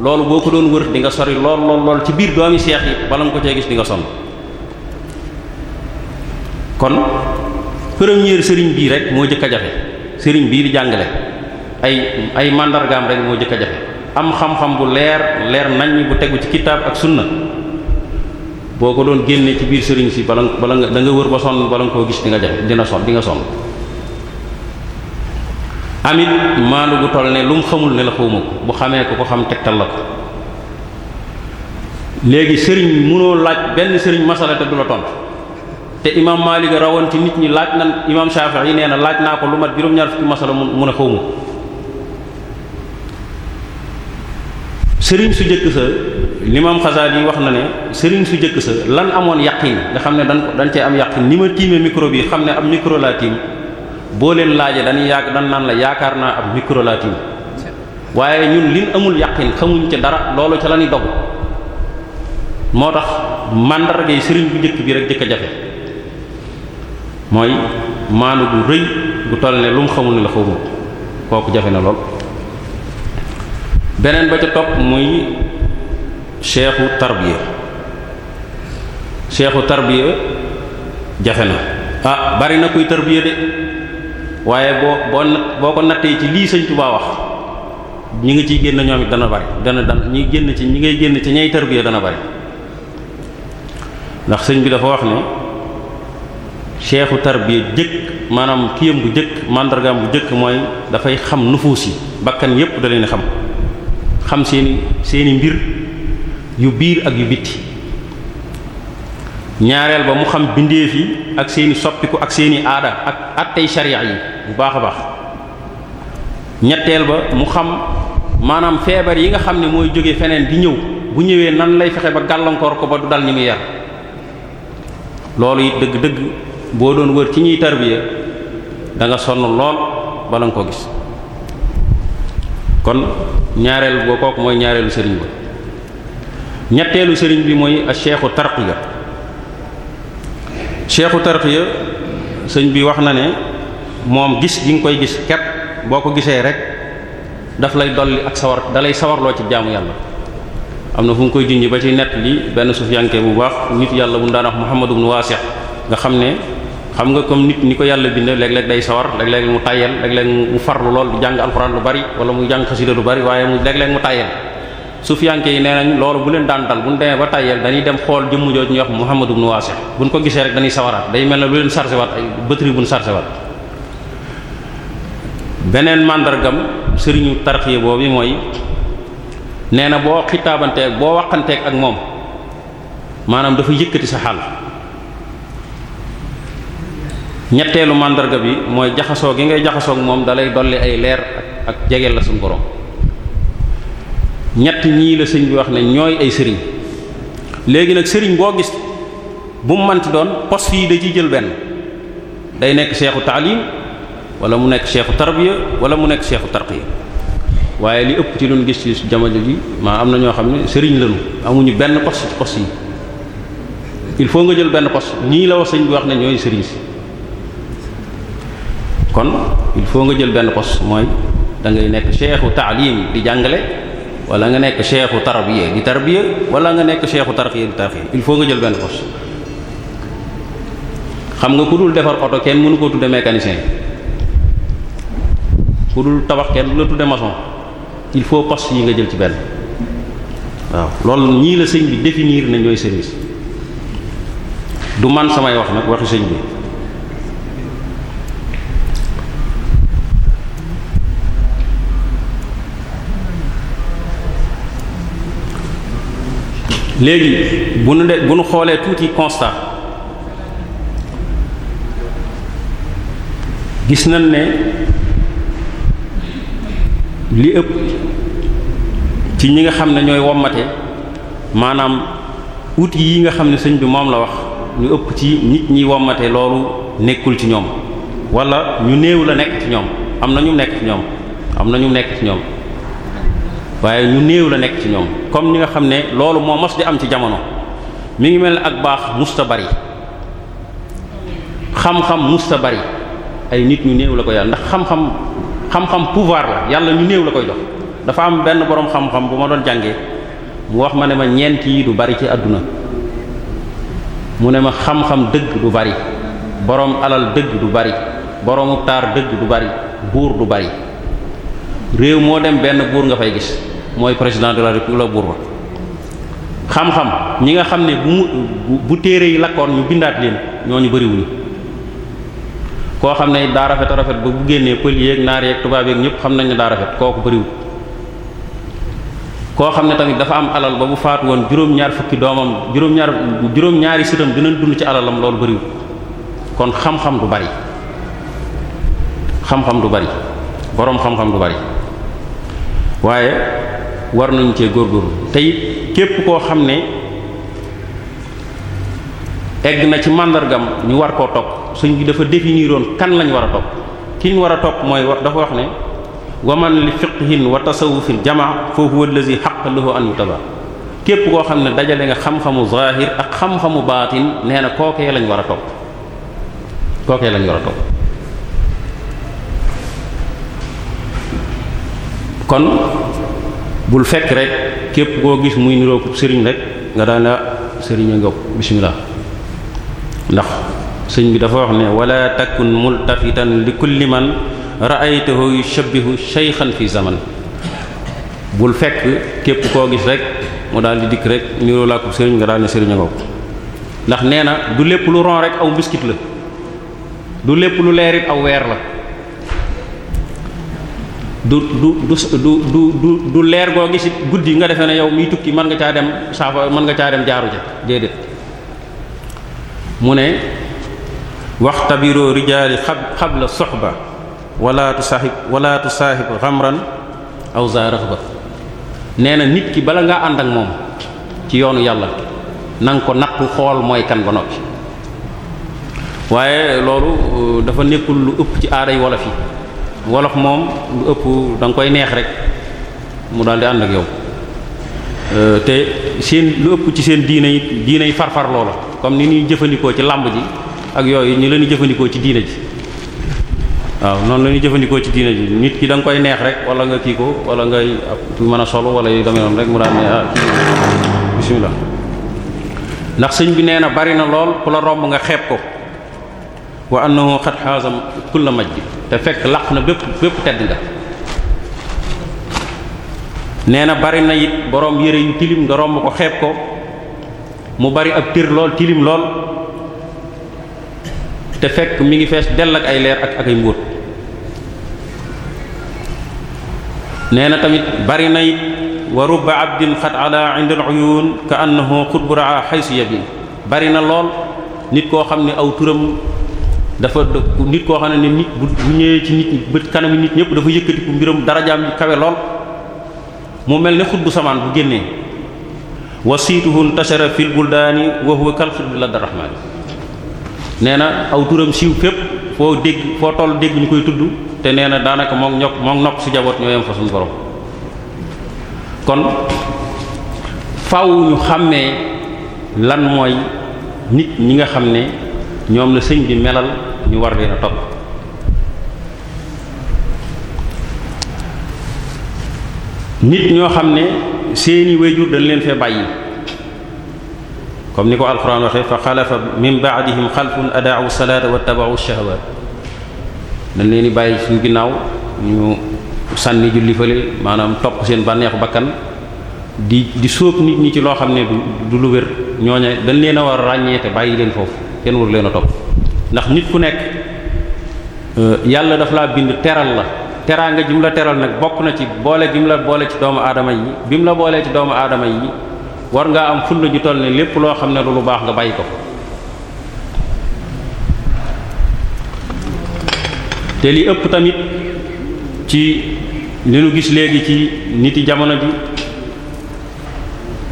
loolu boo ko doon wër di nga sori lool lool lool ci biir doomi seex yi bala nga ko cee gis di nga sonn kon première sëriñ bii rek moo jëkk a jafe sëriñ bii di jàngale ay ay màndargaam rek moo jëkk a jafe am xam-xam bu leer leer nañ bu tegu ci kitaab ak sunna boo ko doon génne ci biir sëriñ si bala bala nga da nga wër ba sonn bala nga koo gis di nga jafe dina sonn di nga sonn amit maandu gu toll ne lu mu xamul ne la xawma ko bu xamee ko ko xam tegtal la ko léegi sëriñ munoo laaj benn sëriñ masala te du la tontu te imam Malik rawoon ci nit ñi laaj nan imam Shafi'i yi nee na laaj naa ko lu mat juróom-ñaar fukki masala mun a xawma ko sëriñ su jëkk sa limaam xasaa yi wax na ne sëriñ su jëkk sa lan amoon yàqin nga xam ne dan dañ cee am yàqin ni ma tiime micro bi xam ne am micro laa tiim boo leen laajee dañuy yàgg dan naan la yaakaar naa ab micro waaye ñun liñ amul yàqin xamuñ ci dara loolu ca la ñuy dogu moo tax màndargay sëriñ bu njëkk bi rek jëkk a jafe mooy maanu bu rëy gu toll ne lu mu xamul ne la xawma kooku jafe na lool beneen ba ca topp muy seexu tarbiya seexu tarbiya jafe na ah bari na kuy tarbiya de waaye boo boo boo ko nattee ci lii sëñ Tuubaa wax ñi nga ciy génn ñoom it dana bari dana dana ñi génn ci ñi ngay génn ci ñay tarbiya dana bari ndax sëñ bi dafa wax ne cheikhu tarbiya jëkk maanaam kiyam bu jëkk mandargaam bu jëkk mooy dafay xam nufuus yi bakkan yépp da leen xam xam seeni seeni mbir yu biir ak yu bitti ñaareel ba mu xam bindeef yi ak seeni soppiku ak seeni aada ak attey sharia yi bu baax a baax ñetteel ba mu xam maanaam feebar yi nga xam ne mooy jóge feneen di ñëw bu ñëwee nan lay fexe ba gàllankoor ko ba du dal ñi muy yar loolu it dëgg-dëgg boo doon wër ci ñuy tarbiya danga sonn lool bala nga ko gis kon ñaareel boo kooku mooy ñaareelu sëriñ ba ñetteelu sëriñ bi mooy a cheikhu tarqiya cheikhu tarxiya sëñ bi wax na ne moom gis gi nga koy gis ket boo ko gisee rek daf lay dolli ak sawar dalay sawarloo ci jaamu yàlla am na fu mu koy junj ba ci nett li benn sufiyanke bu baax nit yàlla bu daan wax Muhammad ibn Wasi' nga xam ne xam nga comme nit ni ko yàlla bindee léeg-léeg day sawar léeg-léeg mu tàyyel léeg-léeg mu farlu lool di jàng alxuraan lu bari wala mu jàng xasida lu bari waaye mu léeg-léeg mu tàyyel sufiyanke yi nee nañ loolu bu leen daan dal bu ñu demee ba tàyyeel dañuy dem xool jëmm jooju ñuy wax Muhammad ibn Wasi buñ ko gisee rek dañuy sawaraat day mel ne lu leen chargé waat ay batterie buñ chargé waat beneen màndargam sëriñu tarxiya boobu mooy nee na boo xitaabanteeg boo waxanteeg ak moom maanaam dafa yëkkati sa xàll ñetteelu màndarga bi mooy jaxasoo gi ngay jaxasoo ak moom dalay dolli ay leer ak jege la suñu borom ñett ñii la sëñ bi wax ne ñooy ay sëriñ léegi nag sëriñ boo gis bu mu mënti doon poste yi da ciy jël benn day nekk seexu taalim wala mu nekk seexu tarbiya wala mu nekk seexu tarqiya waaye li ëpp ci lu ñu gis ci jamono ji maa am na ñoo xam ne sëriñ lañu amuñu benn poste ci poste yi il faut nga jël benn poste ñii la wax sëñ bi wax ne ñooy sëriñ si kon il faut nga jël benn poste mooy da ngay nekk seexu taalim di jàngale. wala nga nekk tarab tarbiya di tarbiya wala nga nekk cheikhu tarqiya di tarqiya il faut nga jël benn poste xam nga ku dul defar oto kenn mënu koo tudde mécanicien ku dul tabax kenn du la tudde maçon il faut poste yi nga jël ci benn waaw loolu ñii la sëñ bi définir na ñooy service du man samay wax nag waxu sëñ bi léegi bu nu de bu nu xoolee tuuti constat gis nañ ne li ëpp ci ñi nga xam ne ñooy wommate maanaam outil yi nga xam ne sëñ bi moom la wax ñu ëpp ci nit ñi wommate loolu nekkul ci ñoom walla ñu néew la nekk ci ñoom am na ñu nekk ci ñoom am na ñu nekk ci ñoom waaye ñu néew la nekk ci ñoom comme ni nga xam ne loolu moo mos di am ci jamono mi ngi mel ne ak baax musta bari xam-xam musta bari ay nit ñu néew la ko yàlla ndax xam-xam xam-xam pouvoir la yàlla ñu néew la koy dox dafa am benn boroom xam-xam bu ma doon jàngee mu wax ma ne ma ñeent yi du bari ci àdduna mu ne ma xam-xam dëgg du bari boroom alal dëgg du bari boroomu taar dëgg du bari buur du bari réew moo dem benn buur nga fay gis mooy président de la république la buur ba xam-xam ñi nga xam ne bu mu bu téere yi lakkoon ñu bindaat leen ñooñu bëriwuñu koo xam ne daa rafet a rafet ba bu génnee pël yeeg naar yeeg tubaab yeeg ñëpp xam nañ ne daa rafet kooku bëriwul koo xam ne tamit dafa am alal ba bu faatu woon juróom-ñaar fukki doomam juróom-ñaar juróom-ñaari sitam dinañ dund ci alalam loolu bëriwul kon xam-xam du bari xam-xam du bari boroom xam-xam du bari waaye war nañu cee góor te tey képp koo xam ne egg na ci màndargam ñu war koo topp sëñ bi dafa définiroon kan lañ war a topp kiñ war a topp mooy dafa wax ne waman li fiqhin wa fi jamaa fa huwa allazi xaq lahu an yutaba képp koo xam ne dajale nga xam-xamu zahir ak xam-xamu baatin nee na kookee lañ war a topp kookee lañ war a topp kon bul fekk rek képp koo gis muy niroo ko sëriñ rek nga daan la ah, sëriñ nga bismillah ndax sëñ bi dafa wax ne wala takun multafitan li kulli man ra'aytahu yushabbihu shaykhan fi zaman bul fekk képp koo gis rek mu daal di dikk rek niroo laa ko sëriñ nga daal la sëriñ nga ndax nee na du lépp lu ron rek aw biskit la du lépp lu leerit aw weer la du du du du du du leer goo gis it guddi nga defee ne yow miy tukki mën nga caa dem saafa mën nga caa dem jaaru ja déedéet mu ne waxtabiroo rijaali xab xabla soxba wala tusaaxib wala tusaaxib xamran aw za nee na nit ki bala ngaa ànd ak moom ci yoonu yàlla na ko nattu xool mooy kan ba noppi waaye loolu dafa nekkul lu ëpp ci aaday wolof yi wolof moom lu ëpp da koy neex rek mu daal di ànd ak yow euh, te seen lu ëpp ci seen diine yi diine yi farfar loola comme ni ñuy jëfandikoo ci làmb ji ak yooyu ñu leen jëfandikoo ci diine ji waaw noonu la ñuy jëfandikoo ci diine ji nit ki danga koy neex rek wala nga kii ko wala ngay mën a solo wala yu demee rek mu daal ne ah bismillah ndax sëñ bi nee na bari na lool ku la romb nga xeeb ko wa annahu qad hazam kulla majdi te fekk laq na bépp bépp tedd nga nee na bari na it boroom yére yu tilim nga romb ko xeeb ko mu bari ab tir lool tilim lool te fekk mi ngi fees dell ak ay leer ak ak ay mbóot nee na tamit bari na it wa rubba abdin xat ala inda al uyun ka annahu xutbu raa xaysu yabi bari na lool nit koo xam ne aw turam dafa nit koo xam ne nit bu ñëwee ci nit ñi bët kanami nit ñëpp dafa yëkkatiku mbiram darajaam ji kawe lool mu mel ne xutbu samaan bu génnee wasiituhu ntashara fil buldaani wa huwa kal xutbi ladda rahmaani nee na aw turam siiw fépp foo dégg foo toll dégg ñu koy tudd te nee na daanaka moom ñokk moom nokk si jaboot ñoo yem fa suñu borom kon faaw ñu xàmmee lan mooy nit ñi nga xam ne ñoom la sëñ bi melal ñu war leen a topp nit ñoo xam ne seeni wayjur dañ leen fee bàyyi comme ni ko alxuraan waxee fa xalafa min baadihim xalfun adaau salaata wattabau shahawaat dañ leen di bàyyi suñu ginnaaw ñu sànni julli fële maanaam topp seen bànneexu bakkan di di sóob nit ñi ci loo xam ne du du lu wér ñooñe dañ leen a war ràññeete bàyyi leen foofu kenn waru leen a topp ndax nit ku nekk euh, yàlla daf laa bind teral la teraanga ji mu la teral nag bokk na ci boole bi mu la boole ci doomu aadama yi bi mu la boolee ci doomu aadama yi war ngaa am fulla ju toll ne lépp loo xam ne lu baax nga bàyyi ko te li ëpp tamit ci li nu gis léegi ci niti jamono ji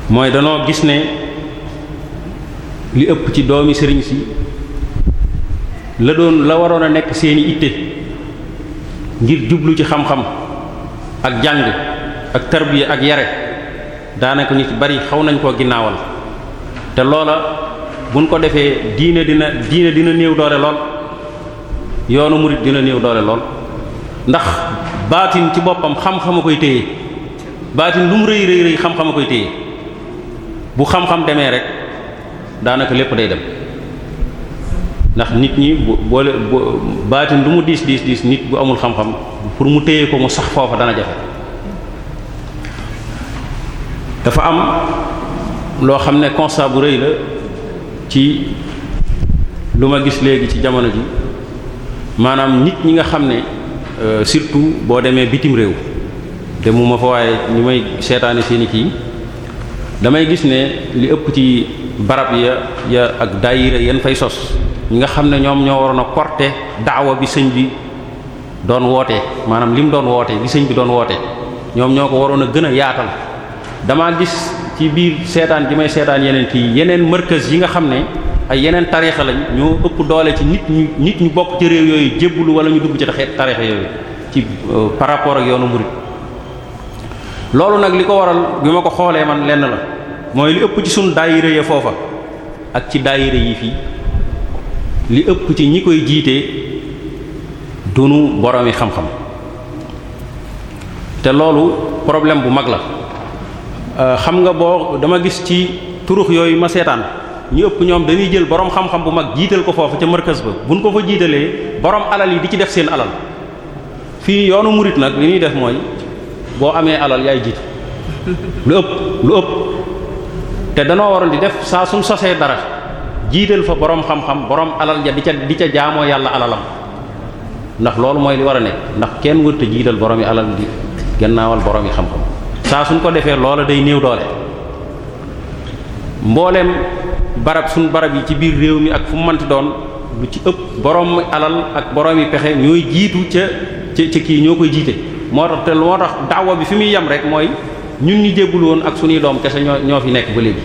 mooy danoo gis ne li ëpp ci doomi sëriñ si la doon la waroon a nekk seeni itte ngir jublu ci xam-xam ak jàng ak tarbiya ak yare daanaka ñu ci bari xaw nañ koo ginnaawal te loola buñ ko defee diine dina diine dina néew doole lool yoonu murid dina néew doole lool ndax baatin ci boppam xam-xam a koy téye baatin lu mu rëy rëy rëy xam-xam a koy téye bu xam-xam demee rek daanaka lépp day dem ndax nit ñi bu boole baatin du mu diis diis diis nit bu amul xam-xam pour mu téye ko mu sax foofa dana jafe dafa am loo xam ne constat bu rëy la ci lu ma gis léegi ci jamono ji maanaam nit ñi nga xam ne euh, surtout boo demee bitim réew demuma fa waaye ñu may seetaane seeni kii damay gis ne li ëpp ci barab ya ya ak daayira yan fay sos ñi nga xam ne ñoom ñoo waroon a porter daawa bi sëñ bi doon woote maanaam lim doon woote bi sëñ bi doon woote ñoom ñoo ko waroon a gën a yaatal damaa gis ci biir seetaan ji may seetaan yeneen kii yeneen markaz yi nga xam ne ay yeneen tariixa lañ ñoo ëpp doole ci nit ñu nit ñu bokk ci réew yooyu jébbulu wala ñu dugg ci taxeet tariixa yooyu ci euh, par rapport ak yoonu murid loolu nag li ko waral bi ma ko xoolee man lenn la mooy li ëpp ci sunu daayira ya foofa ak ci daayira yi fii li ëpp ci ñi koy jiite dunu boromi xam-xam te loolu problème bu mag la euh, xam nga boo dama gis ci turux yooyu ma seetaan ñu ëpp ñoom dañuy jël boroom xam-xam bu mag jiital ko foofu ca markas ba buñ ko fa jiitalee boroom alal yi di ci def seen alal fii yoonu murit nag li ñuy def mooy boo amee alal yaay jiit lu ëpp lu ëpp te danoo waroon di def saa suñ sosee dara jiital fa boroom xam-xam borom alal ja di ca di ca jaamoo yàlla alalam ndax loolu mooy li war a nekk ndax kenn wërta jiital borom yi alal di gannaawal borom yi xam-xam saa suñ ko defee loola day néew doole mbooleem barab suñ barab yi ci biir réew mi ak fu mu mënti doon lu ci ëpp borom alal ak borom yi pexe ñooy jiitu ca ca ca kii ñoo koy jiite moo tax te moo tax daawa bi fi muy yem rek mooy ñun ñu jéggul woon ak suñuy doom kese ñoo fi nekk ba léegi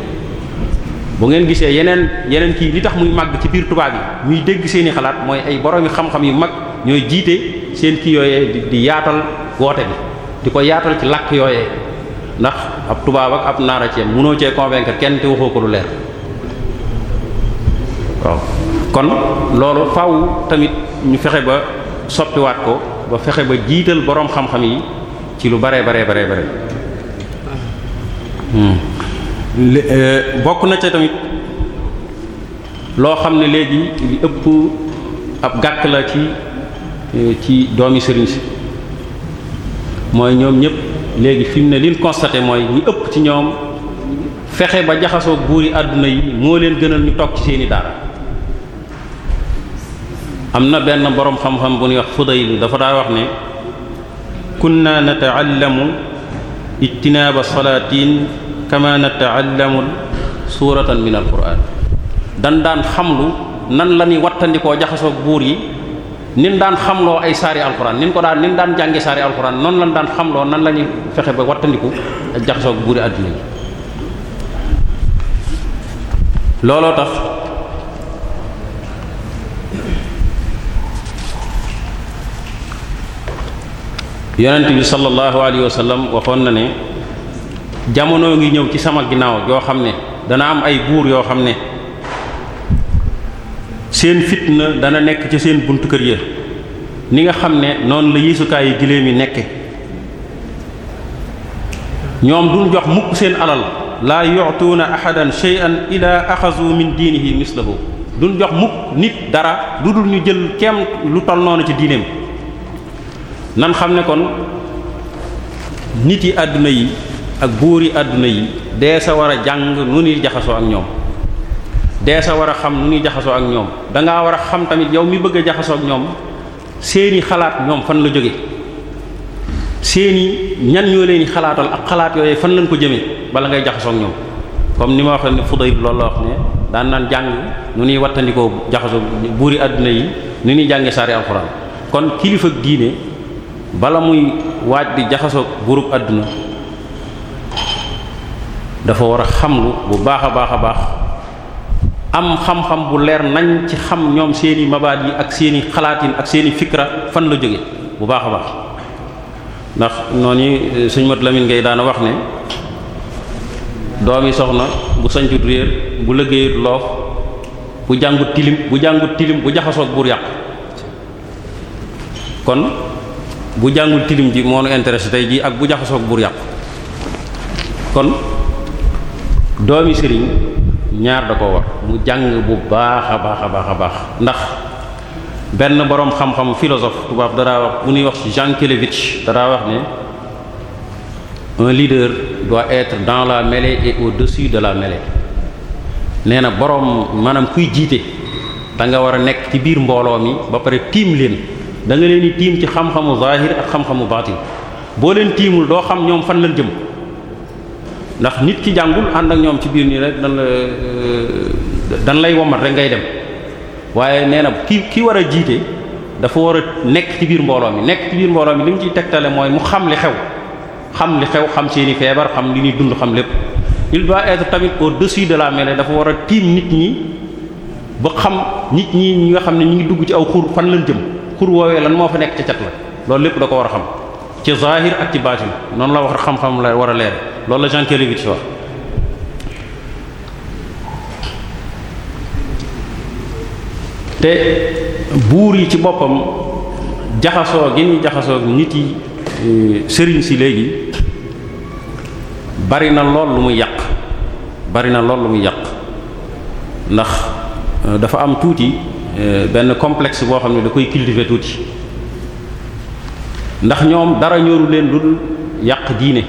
bu ngeen gisee yeneen yeneen kii li tax muy màgg ci biir tubaab yi ñuy dégg seeni xalaat mooy ay boroomi xam-xam yu mag ñooy jiite seen kii yooyee di yaatal woote bi di ko yaatal ci làkk yooyee ndax ab tubaab ak ab naara ceeb mënoo cee convaincre kenn te waxoo ko lu leer waaw kon loolu faw tamit ñu fexe ba soppiwaat ko ba fexe ba jiital boroom xam-xam yi ci lu bare bare bare bare Euh, bokk na ca tamit loo xam ne léegi li ëpp ab gàkk la ci euh, ci doomi sëriñ si mooy ñoom ñëpp léegi fi mu ne liñ constaté mooy ñu ëpp ci ñoom fexe ba jaxasoo buur buuri àdduna yi moo leen gënal ñu toog ci seeni daara am na benn boroom xam-xam bu nuy wax Fudayl dafa daa wax ne naa kunna nata'allamu ijtinaaba salaatin kama nataallamu suuratan min alquran dan daan xamlu nan la ñuy wattandikoo jaxasoo buur yi nin daan xamloo ay saari alquran nin ko daan nin daan jànge saari alquran noonu lan daan xamloo nan la ñuy fexe ba wattandiku jaxasoo buuri àdduna yi looloo tax yonent bi sallallahu alayhi wa sallam waxoon na ne jamono ngi ñëw ci sama ginnaaw yoo xam ne dana am ay buur yoo xam ne seen fitna dana nekk ci seen buntu kër ya ni nga xam ne noonu la yiisukaayu giléem yi nekke ñoom duñ jox mukk seen alal laa yu'tuuna ahadan shay'an ila axazu min diinihi mislahu duñ jox mukk nit dara du dul ñu jël kem lu toll noonu ci diineem nan xam ne kon nit yi àdduna yi ak buur yi àdduna yi dee sa war a jàng nu ñuy jaxasoo ak ñoom dee sa war a xam nu ñuy jaxasoo ak ñoom dangaa war a xam tamit yow mi bëgg a jaxasoo ak ñoom seeni xalaat ñoom fan la jóge seeni ñan yoo leen xalaatal ak xalaat yooyu fan lañ ko jëmee bala ngay jaxasoo ak ñoom comme ni ma waxee ne Fudayl loolu la wax ne daan naan jàng nu ñuy wattandikoo jaxasoo buuri àdduna yi nu ñuy jàngee saari alxuraan kon kilifa diine bala muy waaj di jaxasoo buurub àdduna dafa war a xamlu bu baax a baax a baax am xam-xam bu leer nañ ci xam ñoom seeni mabaat yi ak seeni xalaatin ak seeni fikra fan la jóge bu baax a baax ndax noonu eh, suñ mat Lamine ngay daana wax ne doomi soxna bu sañcut réer bu liggéeyut loof bu jàngut tilim bu jàngut tilim bu jaxasoog buur yàq kon bu jàngul tilim ji moo nu intéressé tey jii ak bu jaxasoog buur yàqu kon doomi sëriñ ñaar da ko war mu jàng bu baax a baax a baax a baax ndax benn boroom xam-xam philosophe tubaab daraa wax bu ñuy wax Jean Kelevitch daraa wax ne un leader doit être dans la mêlée et au-dessus de la mêlée nee na boroom maanaam kuy jiite da nga war a nekk ci biir mbooloo mi ba pare tiim leen da nga leen tiim ci xam-xamu zahir ak xam-xamu baatin boo leen tiimul doo xam ñoom fan lañ jëm ndax nit ki jàngul ànd ak ñoom ci biir nii rek dan la euh, dan lay womat rek ngay dem waaye nee na ki ki war a jiite dafa war a nekk ci biir mbooloo mi nekk ci biir mbooloo mi li mu ciy tegtale mooy mu xam li xew xam li xew xam seeni feebar xam li ñuy dund xam lépp il doit être tamit au-dessus de la mêlée dafa war a tiim nit ñi ba xam nit ñi ñi nga xam ne ñu ngi dugg ci aw xur fan lañ jëm kur woowee lan moo fa nekk ca cat la loolu lépp da ko war a xam ci zahir ak ci noonu la wax xam-xam la war a leer loolu la Jean Kérévit ci te buur yi ci boppam jaxasoo gi ñu jaxasoo nit yi e, sëriñ si léegi bari na lool lu muy yàq bari na lool lu muy yàq ndax e, dafa am tuuti Euh, benn complexe boo xam ne da koy cultiver tuuti ndax ñoom dara ñooru leen lu yàq diine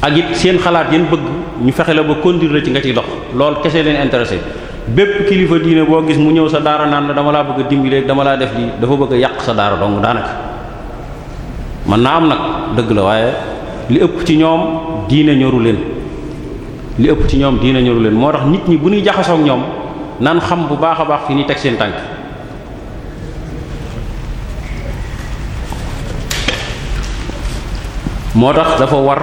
ak it seen xalaat yeen bëgg ñu fexe la ba conduire la ci nga ciy dox loolu kese leen intéressé bépp kilifa diine boo gis mu ñëw sa daara naan la dama laa bëgg a dimbali dama laa def lii dafa bëgg yàq sa daara dong daanaka man naa am nag dëgg la waaye li ëpp ci ñoom diine ñoru leen li ëpp ci ñoom diine ñoru leen moo tax nit ñi bu ñuy jaxasook ñoom. nan xam bu baax a baax fi ñuy teg seen tànk moo tax dafa war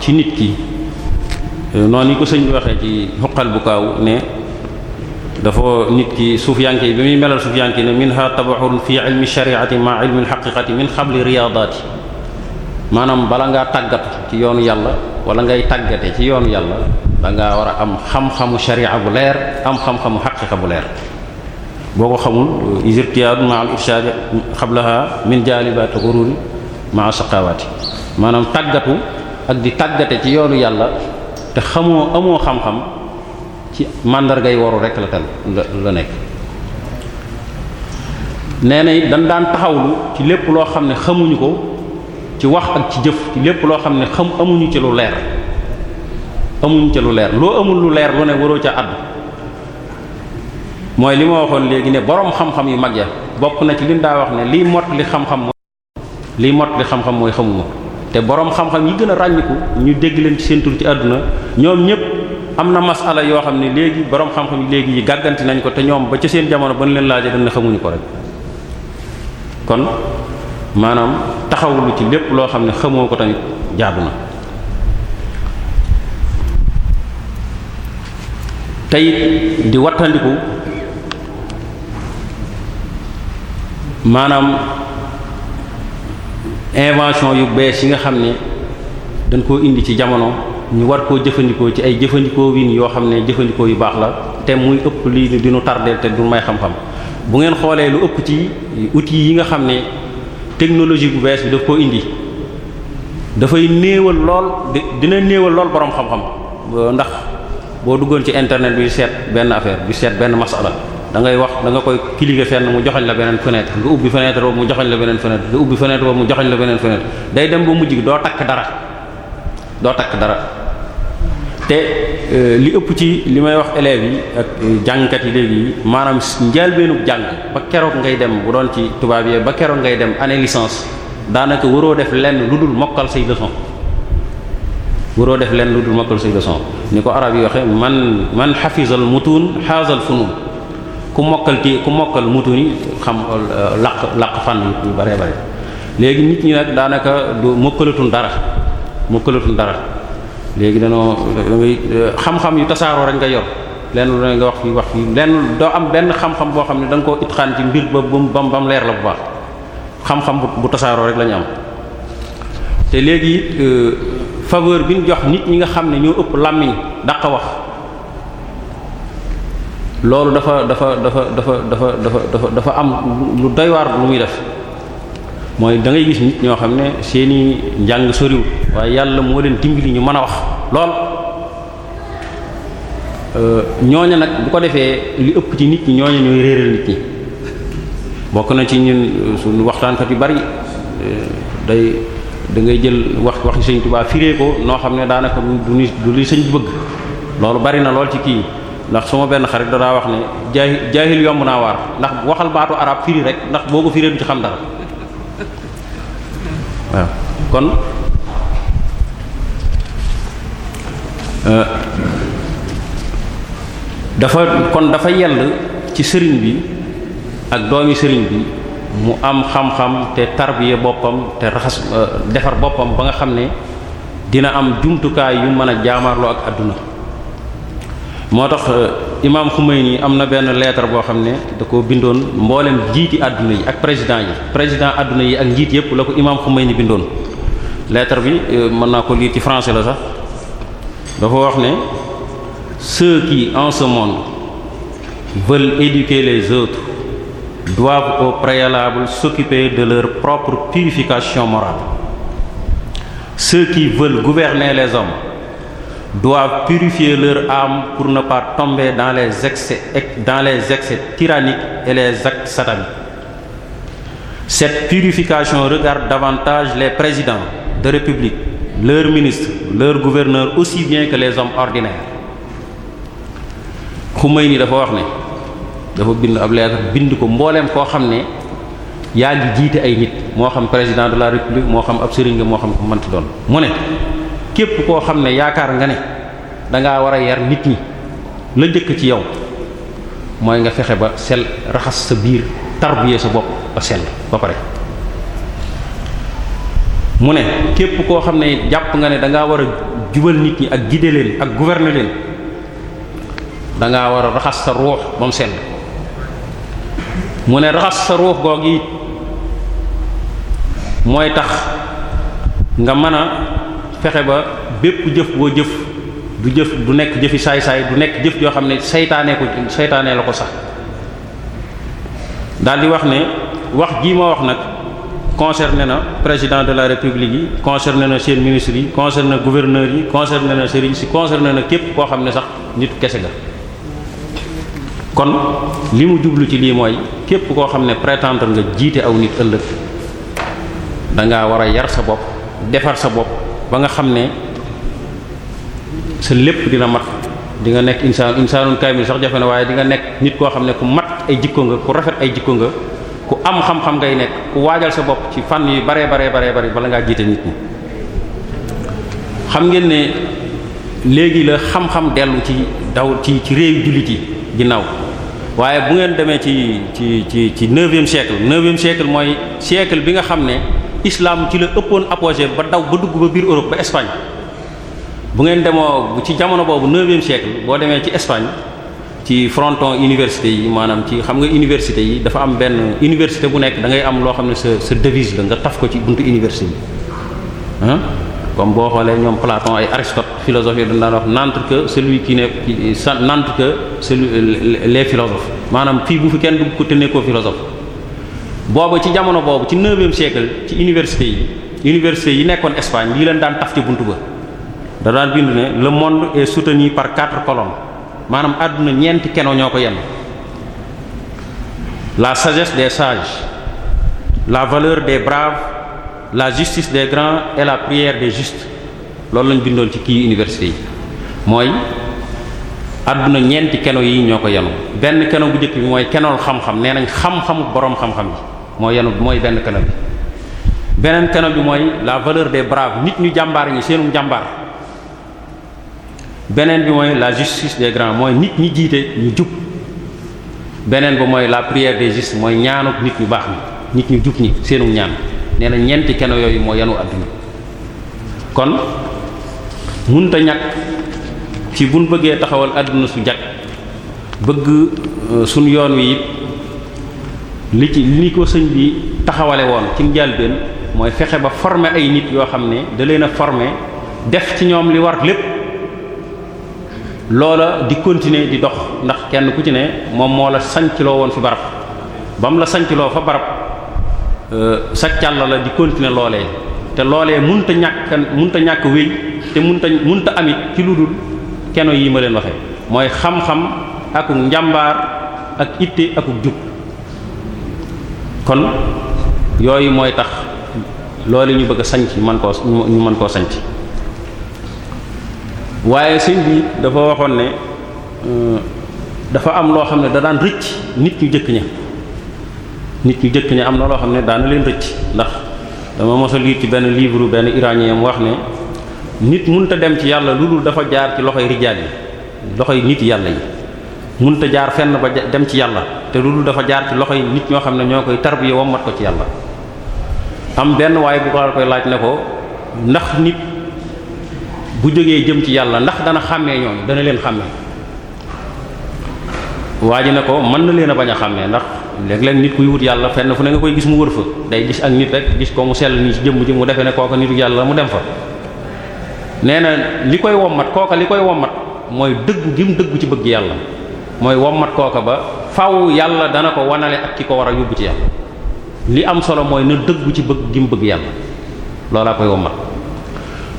ci nit ki euh, noonu yi ko sëñ bi waxee ci xuqal bu kaaw ne dafa nit ki suufiyanke yi bi muy melal suufiyanke ne minha tabaxun fi ilmi shariati ma ilmi alxaqiqati min xabli riyaadaati maanaam bala ngaa tàggatu ci yoonu yàlla wala ngay tàggate ci yoonu yàlla danga war a am xam-xamu sharia bu leer am xam-xamu xaqiqa bu leer boo ko xamul isirtiyaadu ma al irshad xablaha min jaalibaati xururi ma saqawaati maanaam tàggatu ak di tàggate ci yoonu yàlla te xamoo amoo xam-xam ci màndargay waru rek la tal la nekk nee na it daan taxawlu ci lépp loo xam ne xamuñu ko ci wax ak ci jëf ci lépp loo xam ne xam amuñu ci lu leer amuñu ci lu leer loo amul lu leer lu ne waroo ca àddu mooy li ma waxoon léegi ne boroom xam-xam yu mag ya bokk na ci liñ daa wax ne liy mot li xam-xam mooy liy mot li xam-xam mooy xamuma te boroom xam-xam yi gën a ràññiku ñu dégg leen ci seen tur ci àdduna ñoom ñépp am na masala yoo xam ne léegi boroom xam-xam yi léegi yi gàgganti nañ ko te ñoom ba ca seen jamono ba ñu leen laajee dañ ne xamuñu ko rek kon maanaam taxawlu ci lépp loo xam ne xamoo ko tamit jaadu na tey di wattandiku maanaam invention yu bees yi nga xam ne dañ koo indi ci jamono ñu war koo jëfandikoo ci ay jëfandikoo win yoo xam ne jëfandikoo yu baax la te muy ëpp lii di nu tardeel te du may xam-xam bu ngeen xoolee lu ëpp ci outils yi nga xam ne technologie bu bees bi daf koo indi dafay néewal lool di dina néewal lool boroom xam-xam ndax boo duggoon ci internet bi seet benn affaire bi seet benn masala da ngay wax da nga koy cliquer fenn mu joxañ la beneen fenêtre nga ubbi mu joxañ la beneen fenêtre nga ubbi fenêtre boobu mu joxañ la beneen fenêtre day dem ba mujj gi doo takk dara doo takk dara te euh, li ëpp ci li may wax élèves yi ak euh, jàngkat yi léegi maanaam njëlbéenug jàng ba keroog ngay dem bu doon ci tubaab yi ba keroog ngay dem année licence daanaka waroo def lenn lu dul mokkal say leçon waroo def lenn lu dul mokkal say leçon ni ko arab yi waxe man man xafisal mutun xaasal funun ku mokkal ti ku mokkal mutun yi xam euh, laq laq fan yu bare bare léegi nit ñi nag daanaka du mokkalatun dara mokkalatul dara léegi danoo da xam-xam yu tasaaroo rek nga yor lenn lu ne nga wax fii wax fii lenn doo am benn xam-xam boo xam ne danga nga koo itxaan ci mbir ba bam bam leer la bu baax xam-xam bu tasaaroo rek la ñu am te léegi euh, faveur bi ñu jox nit ñi nga xam ne ñoo ëpp làmmiñ daq wax loolu dafa dafa dafa dafa dafa dafa dafa am lu doy waar lu muy def mooy dangay gis nit ñoo xam ne seeni njàng soriwul waaye yàlla moo leen dimbali ñu mën a wax lool euh, ñooña nag bu ko defee li ëpp ci nit ñi ñooña ñooy réeral nit ñi bokk na ci ñun euh, suñu waxtaankat yu bari euh, day dangay jël wax waxi sëñ Tuubaa firee ko noo xam ne daanaka du ni du li sëñ bëgg loolu bari na lool ci kii ndax suma benn xarit da wax ne jaahil jaahil yomb naa waar ndax waxal baatu arab firi rek ndax boo ko firee ci xam dara waaw kon euh, dafa kon dafa yell ci sëriñ bi ak doomi sëriñ bi mu am xam-xam te tarbiye boppam te raxas euh, defar boppam ba nga xam ne dina am jumtukaay yu mën a jaamarloo ak àdduna moo tax euh, imaam Khomeini am na benn lettre boo xam ne da ko bindoon mboolem njiiti àdduna yi ak président yi président àdduna yi ak njiit yëpp la ko imaam Khomeini bindoon lettre bi euh, mën naa ko lire ci français la sax dafa wax ne ceux qui en ce monde veulent les autres doivent au préalable s'occuper de leur propre purification morale ceux qui veulent les hommes doivent purifier leur âme pour ne pas tomber dans les excès, dans les excès tyranniques et les actes sataniques. Cette purification regarde davantage les présidents de république, leur ministres, leur gouverneurs aussi bien que les hommes ordinaires. Khomeini dafa wax ne dafa bind ab leer bind ko mbooleem koo xam ne yaa ngi jiite ay nit moo xam président de la république moo xam ab sëriñ la moo xam ko mënti doon mu ne képp koo xam ne yaakaar nga ne dangaa war a yar nit ñi la jëkk ci yow mooy nga fexe ba sel raxas sa biir tarbiye sa bopp ba sel ba pare mu ne képp koo xam ne jàpp nga ne dangaa war a jubal nit ñi ak guider leen ak gouverner leen dangaa war a raxas sa ruux ba mu mu ne raxas sa ruux googu it mooy tax nga mën a fexe ba bépp jëf woo jëf du jëf du nekk jëfi saay-saay du nekk jëf joo xam ne saytaane ko seytaanee la ko sax daal di wax ne wax jii ma wax nag concerné na président de la république yi concerné na seen ministre yi concerné na yi concerné na sëriñ si concerné na képp koo xam ne sax nit kese ga kon li mu jublu ci lii mooy képp koo xam ne prétendre nga jiite aw nit ëllëg da ngaa war a yar sa bopp defar sa bopp ba nga xam ne sa lépp dina mat di nga nekk insaan insaanun kaamil sax jafe na waaye di nga nekk nit koo xam ne ku mat ay jikko nga ku rafet ay jikko nga ku am xam-xam ngay nekk ku waajal sa bopp ci fànn yi baree baree baree bari bala ngaa jiite nit ñi xam ngeen ne léegi la xam-xam dellu ci daw ci ci réew jullit yi ginnaaw waaye bu ngeen demee ci ci ci ci neuvième siècle neuvième siècle mooy siècle bi nga xam ne islam ci la ëppoon apogée ba daw ba dugg ba biir Europe ba Espagne bu ngeen demoo ci jamono boobu neuvième siècle boo demee ci Espagne ci fronton université yi maanaam ci xam nga université yi dafa am benn université bu nekk da ngay am loo xam ne sa sa devise la nga taf ko ci buntu université bi ah comme boo xoolee ñoom Platon ay Aristote philosophie dañ daan wax n'entre que celui qui n'est n'entre que celui les philosophes maanaam fii bu fi kenn dugg ko te nekkoo philosophe boobu ci jamono boobu ci neuvième siècle ci université yi université yi nekkoon Espagne lii leen daan taf ci buntu ba da daan bind ne le monde est soutenu par quatre colonnes maanaam àdduna ñeenti keno ñoo ko yenu la sagesse des sages la valeur des braves la justice des grands et la prière des justes loolu lañ bindoon ci kii université yi mooy àdduna ñeenti keno yi ñoo ko yenu benn keno bu njëkk bi mooy kenool xam-xam nee nañ xam-xamu boroom xam-xam yi moo yenu mooy benn kanam bi beneen kanam bi mooy la valeur des braves nit ñu jàmbaar ñi seenum jàmbaar beneen bi mooy la justice des grands mooy nit ñi jiite ñu jub beneen bi mooy la prière des justes mooy ñaanu nit ñu baax ñi nit ñu jub ñi seenum ñaan nee na ñeenti keno yooyu moo yenu adduna kon munta ñàkk ci buñ bëggee taxawal àdduna su jag bëgg euh, suñ yoon wi li ci li ko sëñ bi taxawale woon ci njëlbéen mooy fexe ba forme ay nit yoo xam ne da leen a former def ci ñoom li war lépp loola di continuer di dox ndax kenn ku ci ne moom moo la sancloo woon fi barab ba mu la sancloo fa barab euh, sa càlla la di continuer loole te loolee munta ñàkk munta ñàkk wéy te munta munta amit ci lu dul keno yi ma leen waxe mooy xam-xam akuk njàmbaar ak itte akuk jub kon yooyu mooy tax loolu ñu bëgg a sanc man koo ñu mën koo sanc waaye sëñ bi dafa waxoon ne euh, dafa am loo xam ne da daan rëcc nit ñu jëkk ña nit ñu jëkk ña am na loo xam ne daana leen rëcc ndax dama mos a lire ci benn livre benn iranien mu wax ne nit mënut a dem ci yàlla lu dul dafa jaar ci loxoy rijaal yi loxoy nit yàlla yi mënut a jaar fenn ba dem ci yàlla te loolu dafa jaar ci loxo yi nit ñoo xam ne ñoo koy tarbiya wommat ko ci yàlla am benn waaye bu ko koy laaj ne ko ndax nit bu jógee jëm ci yàlla ndax dana xàmmee ñooñu dana leen xàmmee waa ji ne ko mën na leen a bañ a xàmmee ndax léeg-léeg nit kuy wut yàlla fenn fu ne nga koy gis mu wër fa day gis ak nit rek gis koo mu sell nii ci jëmm jëm mu defee ne kooka nitu yàlla mu dem fa nee na li koy wommat kooka li koy wommat mooy dëggu gi mu ci bëgg yàlla mooy wommat kooka ba faw yàlla dana ko wanale ak ki ko war a yóbbu ci yàlla li am solo mooy na dëggu ci bëgg gi mu bëgg yàlla loolaa koy wommat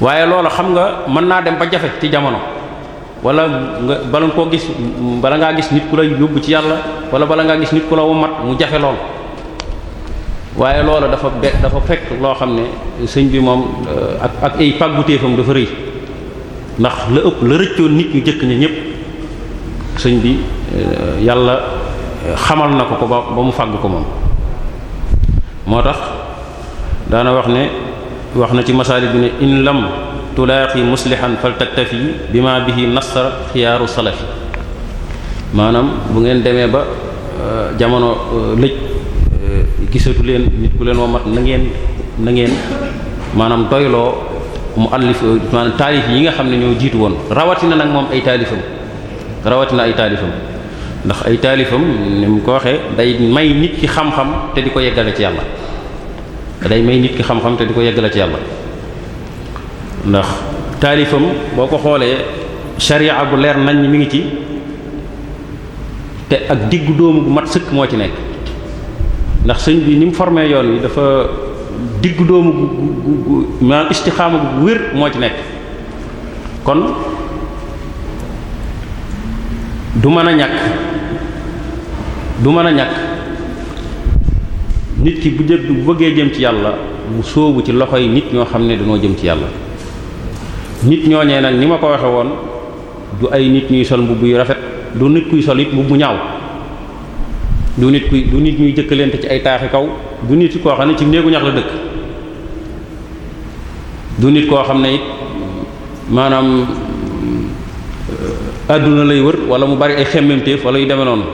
waaye loolu xam nga mën naa dem ba jafe ci jamono walla nga bala koo gis bala ngaa gis nit ku la yóbbu ci yàlla wala bala ngaa gis nit ku la mu jafe lool waaye loola dafa be dafa fekk loo xam ne sëñ bi moom euh, ak ak ay pàggutéefam dafa rëy ndax la ëpp la rëccoon nit ñu jëkk ña ñëpp sëñ bi eh, yàlla eh, xamal na ko ko ba ba mu fàgg ko moom moo tax daana wax ne wax na ci masaali bi ne in lam tulaaqi muslihan faltaktafi bima bihi nasara xiyaaru salafi maanaam bu ngeen demee ba eh, jamono lëj gisatu leen nit ku leen womat na ngeen na ngeen maanaam doyloo mu allif taalif yi nga xam ne ñoo jiitu woon rawatina nag moom ay taalifam rawatina ay taalifam ndax ay taalifam ni mu ko waxee day may nit ki xam-xam te di ko yeggale ci yàlla day may nit ki xam-xam te di ko yeggale ci yàlla ndax taalifam boo ko xoolee sharia bu leer nañ mi ngi ci te ak diggu doomu gu mat sëkk moo ci nekk ndax sëñ bi ni mu formé yoon wi dafa diggu doomu gu gu gu maanaam istixaama gu wér moo ci nekk kon du mën a ñàkk du mën a ñakk nit ki bu jë bu bëggee jëm ci yàlla mu sóobu ci loxo yi nit ñoo xam ne dañoo jëm ci yàlla nit ñoo ñooñee nag ni ma ko waxe woon du ay nit ñuy sol mbubb yu rafet du nit kuy sol it mbubb mu ñaaw du nit kuy du nit ñuy jëkkalante ci ay taaxi kaw du nit koo xam ne ci néegu ñax la dëkk du nit koo xam ne it maanaam euh, àdduna lay wër wala mu bari ay xemmemteef wala yu demee noonu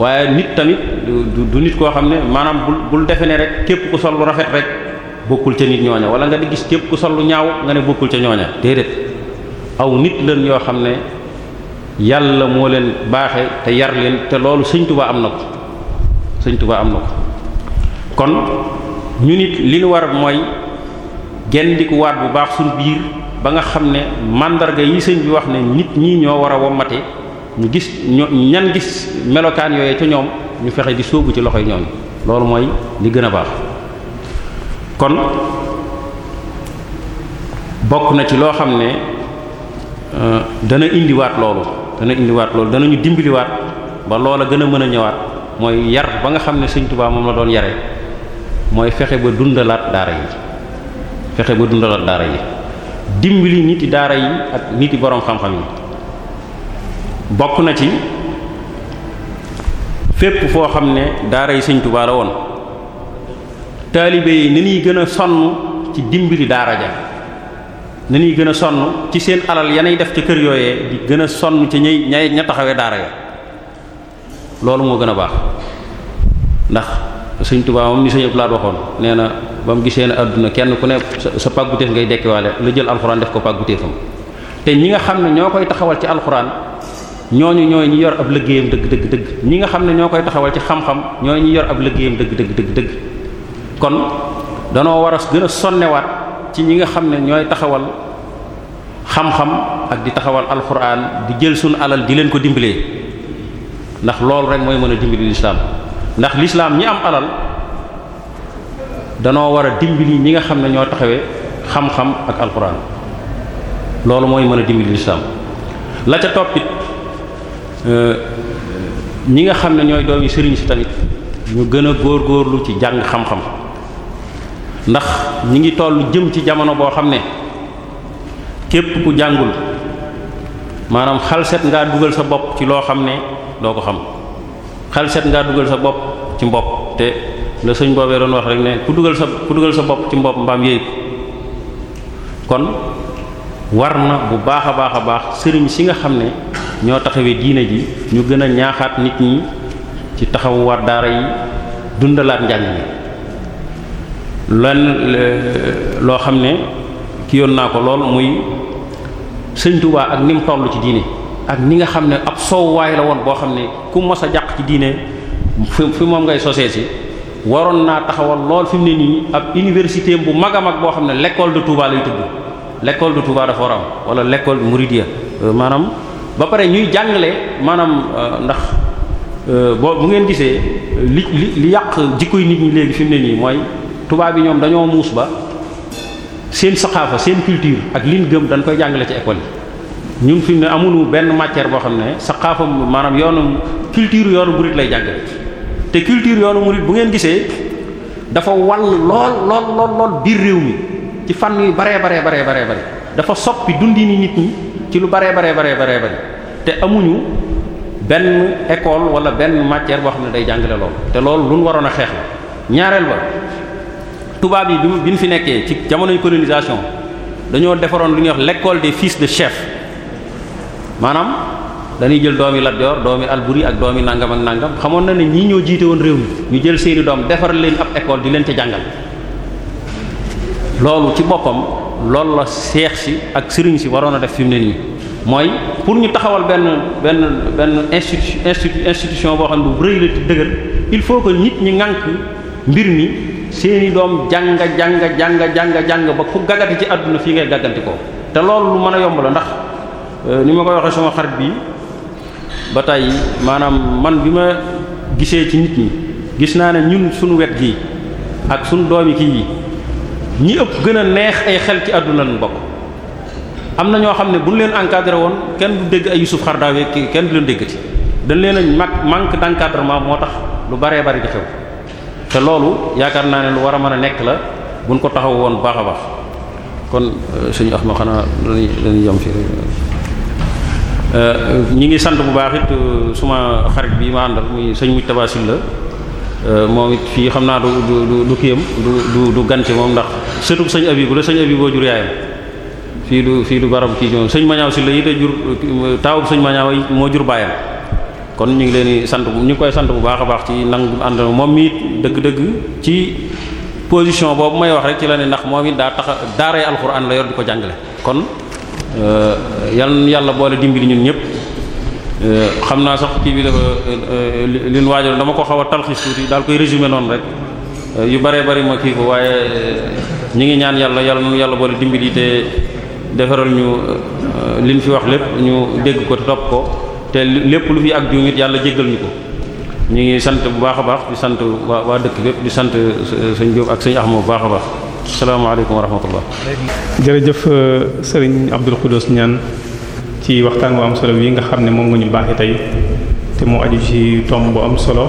waaye nit tamit du nit koo xam ne maanaam bul bul defe ne rek képp ku sol lu rafet rek bokkul ca nit ñooña wala nga di gis képp ku sol lu ñaaw nga ne bokkul ca ñooña déedéet aw nit leen yoo xam ne yàlla moo leen baaxe te yar leen te loolu sëñtu Tuubaa am na ko sëñ Tuubaa am na ko kon ñu nit li ñu war mooy gendikuwaat bu baax suñ biir ba nga xam ne màndarga yi sëñ bi wax ne nit ñi ñoo war a wommate ñu gis ño ñan gis melokaan yooyu ca ñoom ñu fexe di sóobu ci loxo loxoy ñooñu loolu mooy li gën a baax kon bokk na ci loo xam ne euh, dana indiwaat loolu dana indiwaat loolu dana ñu dimbaliwaat ba loola gën a mën a ñëwaat mooy yar ba nga xam ne Sëriñ Tuubaa moom la doon yare mooy fexe ba dundalaat daara yi fexe ba dundalaat daara yi dimbali niti daara yi ak niti boroom xam-xam yi bokk na ci fépp foo xam ne daara yi sëñ Tuubaa la woon taalibe yi ni ñuy gën a sonn ci dimbali daara ja ni ñuy gën a sonn ci seen alal yanay def ca kër yooye di gën a sonn ci ñay ñay ña taxawe daara ya loolu moo gën a baax ndax sëñ Tuubaa moom ni sëñ Abdu waxoon nee na ba mu gisee ne àdduna kenn ku ne sa pàgguteef ngay dekkiwaale la jël alxuraan def ko pàgguteefam te ñi nga xam ne ñoo koy taxawal ci alxuraan ñooñu ñooy ñi yor ab liggéeyam dëgg dëgg dëgg ñi xam ne ñoo koy taxawal ci xam-xam ñooy yor ab liggéeyam dëgg dëgg dëgg dëgg kon danoo war a gën sonnewaat ci ñi nga xam ne ñooy taxawal xam-xam ak di taxawal alxuraan di jël suñu alal di leen ko dimbalee ndax loolu rek mooy mën a dimbili lislaam ndax lislaam ñi am alal danoo war a dimbali ñi nga xam ne ñoo taxawee xam-xam ak alxuraan loolu mooy mën a dimbali lislaam la ca toppit Euh, ñi nga xam ne ñooy doomi sëriñ si tamit ñu gën a góorlu ci jàng xam-xam ndax ñi ngi toll jëm ci jamono boo xam ne képp ku jàngul maanaam xal set ngaa dugal sa bopp ci loo xam ne doo ko xam xal xalset ngaa dugal sa bopp ci mbopp te la sëñ boobee doon wax rek ne ku dugal sa ku dugal sa bopp ci mbopp mbaam yéey ko kon war na bu baax a baax a baax sëriñ si nga xam ne ñoo taxawee diine ji ñu gën a ñaaxaat nit ñi ci taxawu war daara yi dundalaat njàng mi lan loo xam ne ki yoon naa ko lool muy sëñ Tuubaa ak ni mu tollu ci diine ak ni nga xam ne ab soowwaay la woon boo xam ne ku mos a jàq ci diine fi fi moom ngay sosee si waroon naa taxawal lool fi mu ne nii ab université bu mag a mag boo xam ne lekkool de Touba lay tudd lekkool de Touba dafa war am wala l'école Mouridia euh, maanaam ba pare ñuy jàngale maanaam euh, ndax euh, boo bu ngeen gisee li li li yàq jikkoy nit ñi léegi fi mu ne nii mooy tubaab yi ñoom dañoo muus ba seen saxaafa seen culture ak liñ gëm dañ koy jàngale ci école yi ñun fi mu ne amuñu benn matière boo xam ne saxaafa maanaam yoonu culture yoonu murid lay jàng te culture yoonu murid bu ngeen gisee dafa wall lool lool lool lool biir réew mi ci fànn yu baree bare baree baree bëri dafa soppi dundini nit ñi ci lu baree baree baree baree bëri te amuñu benn école wala benn matière boo xam ne day jàngale loolu te loolu lu waroon a xeex la ñaareel ba tubaab yi bi bi nu fi nekkee ci jamonoy colonisation dañoo defaroon lu ñuy wax l'école des fils de chef maanaam dañuy jël doomi Lat Joor doomi Alburi ak doomi nangam ak nangam xamoon na ne ñii ñoo jiite woon réew mi ñu jël seeni doom defar leen ab école di leen ca jàngal loolu ci boppam loolu la seex si ak sëriñ si waroon a def fi mu ne nii mooy pour ñu taxawal benn benn benn institu institution boo xam ne bu rëy la dëgër il faut que nit ñi ŋànk mbir mi seeni doom jàng jàng jàng jàng jàng ba ku gagati ci àdduna fii ngay gàgganti ko te loolu lu mën a yomb la ndax euh, ni ma koy waxee sama xarit bi ba tàyyi maanaam man bi ma gisee ci nit ñi gis naa ne ñun suñu wet gi ak suñu doomi kii yi ñi ëpp gën a neex ay xel ci àdduna lañ bokk am na ñoo xam ne bu ñu leen encadré woon kenn du dégg ay Yusuf Xardaawe kii kenn du leen déggati dañ leen a mag manque d'encadrement moo tax lu baree bari di xew te loolu yaakaar naa ne lu war a mën a nekk la buñ ko taxaw woon baax a baax kon euh, suñu axma xanaa dañuy dañuy yom fi euh, ñi ngi sant bu baax it euh, suma xarit bi ma àndal muy sëñ Mujtaba Sylla la Euh, moom it fii xam naa du du du kiyam du du du gan ci moom ndax sëtu sëñ abi bu la sëñ abi jur yaayam fii du fii du barab kii ñoom sëñ mañaaw si la it a jur taawub sëñ mañaaw yi moo jur baayam kon ñu ngi leen di sant ñu ngi koy sant bu baax a baax ci nangu ànd moom it dëgg-dëgg ci position boobu may wax rek ci la ne ndax moom it daa tax daaray alxuraan la yor di ko jàngale kon euh, yan yàlla boole dimbali ñun ñëpp Euh, xam naa sax kii bi dafa euh, euh, li ñu waajal dama ko xaw a talxis tuuti daal koy résumé noonu rek yu bëree bari ma kii ko waaye ñi ngi ñaan yàlla yàlla nu yàlla boole dimbali te defaral ñu li fi wax lépp ñu dégg ko te topp ko te lépp lu fi ak juumit yàlla jéggal ñu ko ñu ngi sant bu baax a baax di sant waa waa dëkk bépp di sant sañ Diop ak sëñ Ahmad bu baax a baax salaamaaleykum wa rahmatullah jërëjëf sëriñ Abdul Xudoos ñaan ci waxtaan wu am solo wi nga xam ne moom nga ñu baaxee tey te mu aju ci tomb bu am solo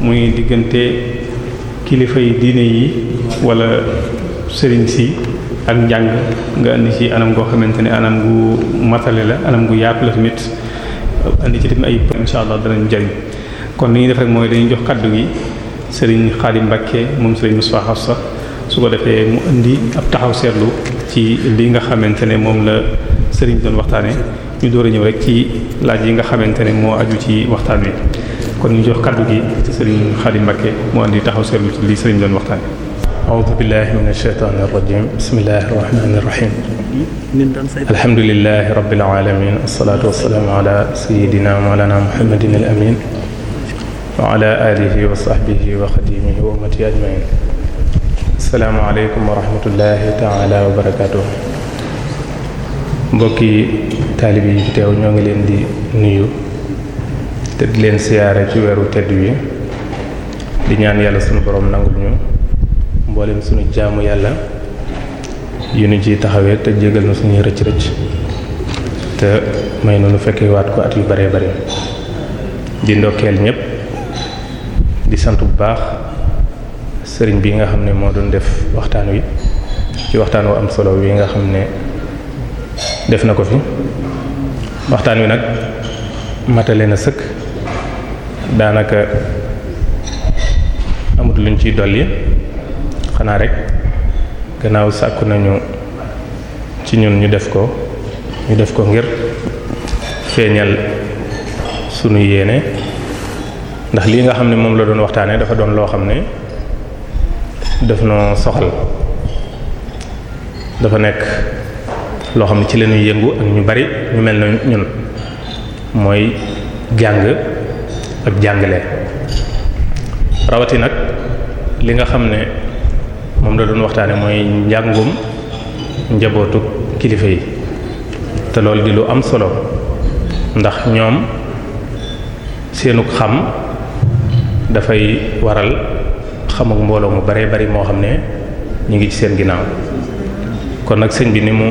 muy diggante kilifa yi diine yi wala sëriñ si ak njàng nga indi ci anam goo xamante ne anam gu matale la anam gu yaatu la tamit indi ci tamit ay insha allah danañ jariñ kon li ñuy def rek mooy dañuy jox kàddu gi sëriñ Xaadim Mbàkke moom sëriñ Musaa Xafsa su ko defee mu indi ab taxaw seetlu ci lii nga xamante ne moom la sëriñ doon waxtaanee ñu door a ñëw rek ci laaj yi nga xamante ne moo aju ci waxtaan wi kon ñu jox kaddu gi ci sëriñ Xaadim Mbakke moo andi taxaw seetlu ci li sëriñ doon waxtaanee. a'uuzu billaahi minash shaytaanir rajiim bismillaahir rahmaanir rahiim alhamdulillaahi rabbil aalamiin wassalaatu wassalaamu alaa sayyidinaa mawlaanaa Muhammadin al amiin wa alaa aalihi wa sahbihi wa xadiimihi wa ummatihi ajmaiin assalaamu aleykum wa rahmatullaahi ta'aalaa wa barakaatuh mbokki taalibe yi fi teew ñoo ngi leen di nuyu te di leen siyaare ci weeru tedd wi di ñaan yàlla sunu borom nangul ñu mboolem sunu jaamu yàlla yu nu ciy taxawee te jégal na suñuy rëcc rëcc te may noonu fekkee waat ko at yu bare bare di ndokkeel ñépp di sant bu baax sëriñ bi nga xam ne moo doon def waxtaan wi ci waxtaan wu am solo wi nga xam ne def na ko fi waxtaan wi nag matale na sëkk daanaka amut luñ ciy dolli xanaa rek gannaaw sàkku nañu ci ñun ñu def ko ñu def ko ngir feeñal sunu yéene ndax lii nga xam ne moom la doon waxtaanee dafa doon loo xam ne def noo soxal dafa nekk loo xam ne ci leenu yëngu ak ñu bari ñu mel na ñun mooy jàng ak jàngale rawati nag li nga xam ne moom la doon waxtaane mooy njàngum njabootu kilifa yi te loolu di lu am solo ndax ñoom seenu xam dafay waral xam mbooloo mu bare bari moo xam ne ñu ngi ci seen ginnaaw kon nag sëñ bi ni mu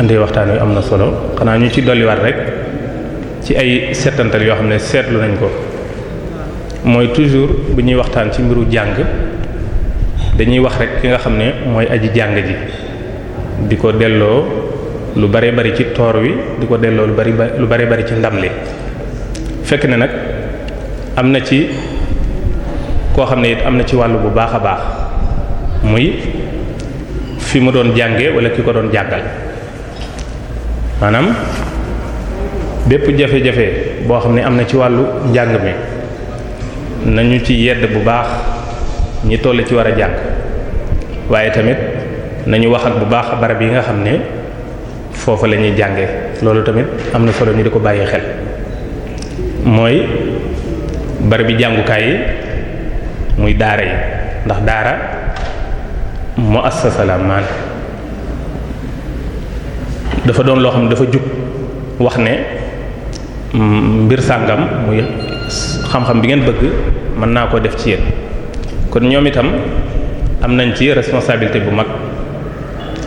indi waxtaan wi am na solo xanaa ñu ci dolliwaat rek ci ay seetantal yoo xam ne seetlu nañ ko mooy toujours bu ñuy waxtaan ci mbiru jàng dañuy wax rek ki nga xam ne mooy aji jàng ji di ko delloo lu bare bari ci toor wi di ko delloo lu bari lu bare bari ci ndam li fekk ne nag am na ci koo xam ne it am na ci wàll bu baax a baax muy fi mu doon jànge wala ki ko doon jàngal maanaam bépp jafe-jafe boo xam ne am na ci wàllu njàng mi nañu ci yedd bu baax ñi toll ci war a jàng waaye tamit nañu wax ak bu baax barab yi nga xam ne foofa la ñuy jànge loolu tamit am na solo ñu di ko bàyyi xel mooy barabi jàngukaay yi muy daara yi ndax daara mu assasalaam maanaam dafa doon loo xam ne dafa jub wax ne mm, mbir sàngam muy xam-xam bi ngeen bëgg mën naa koo def ci yéen kon ñoom itam am nañ ci responsabilité bu mag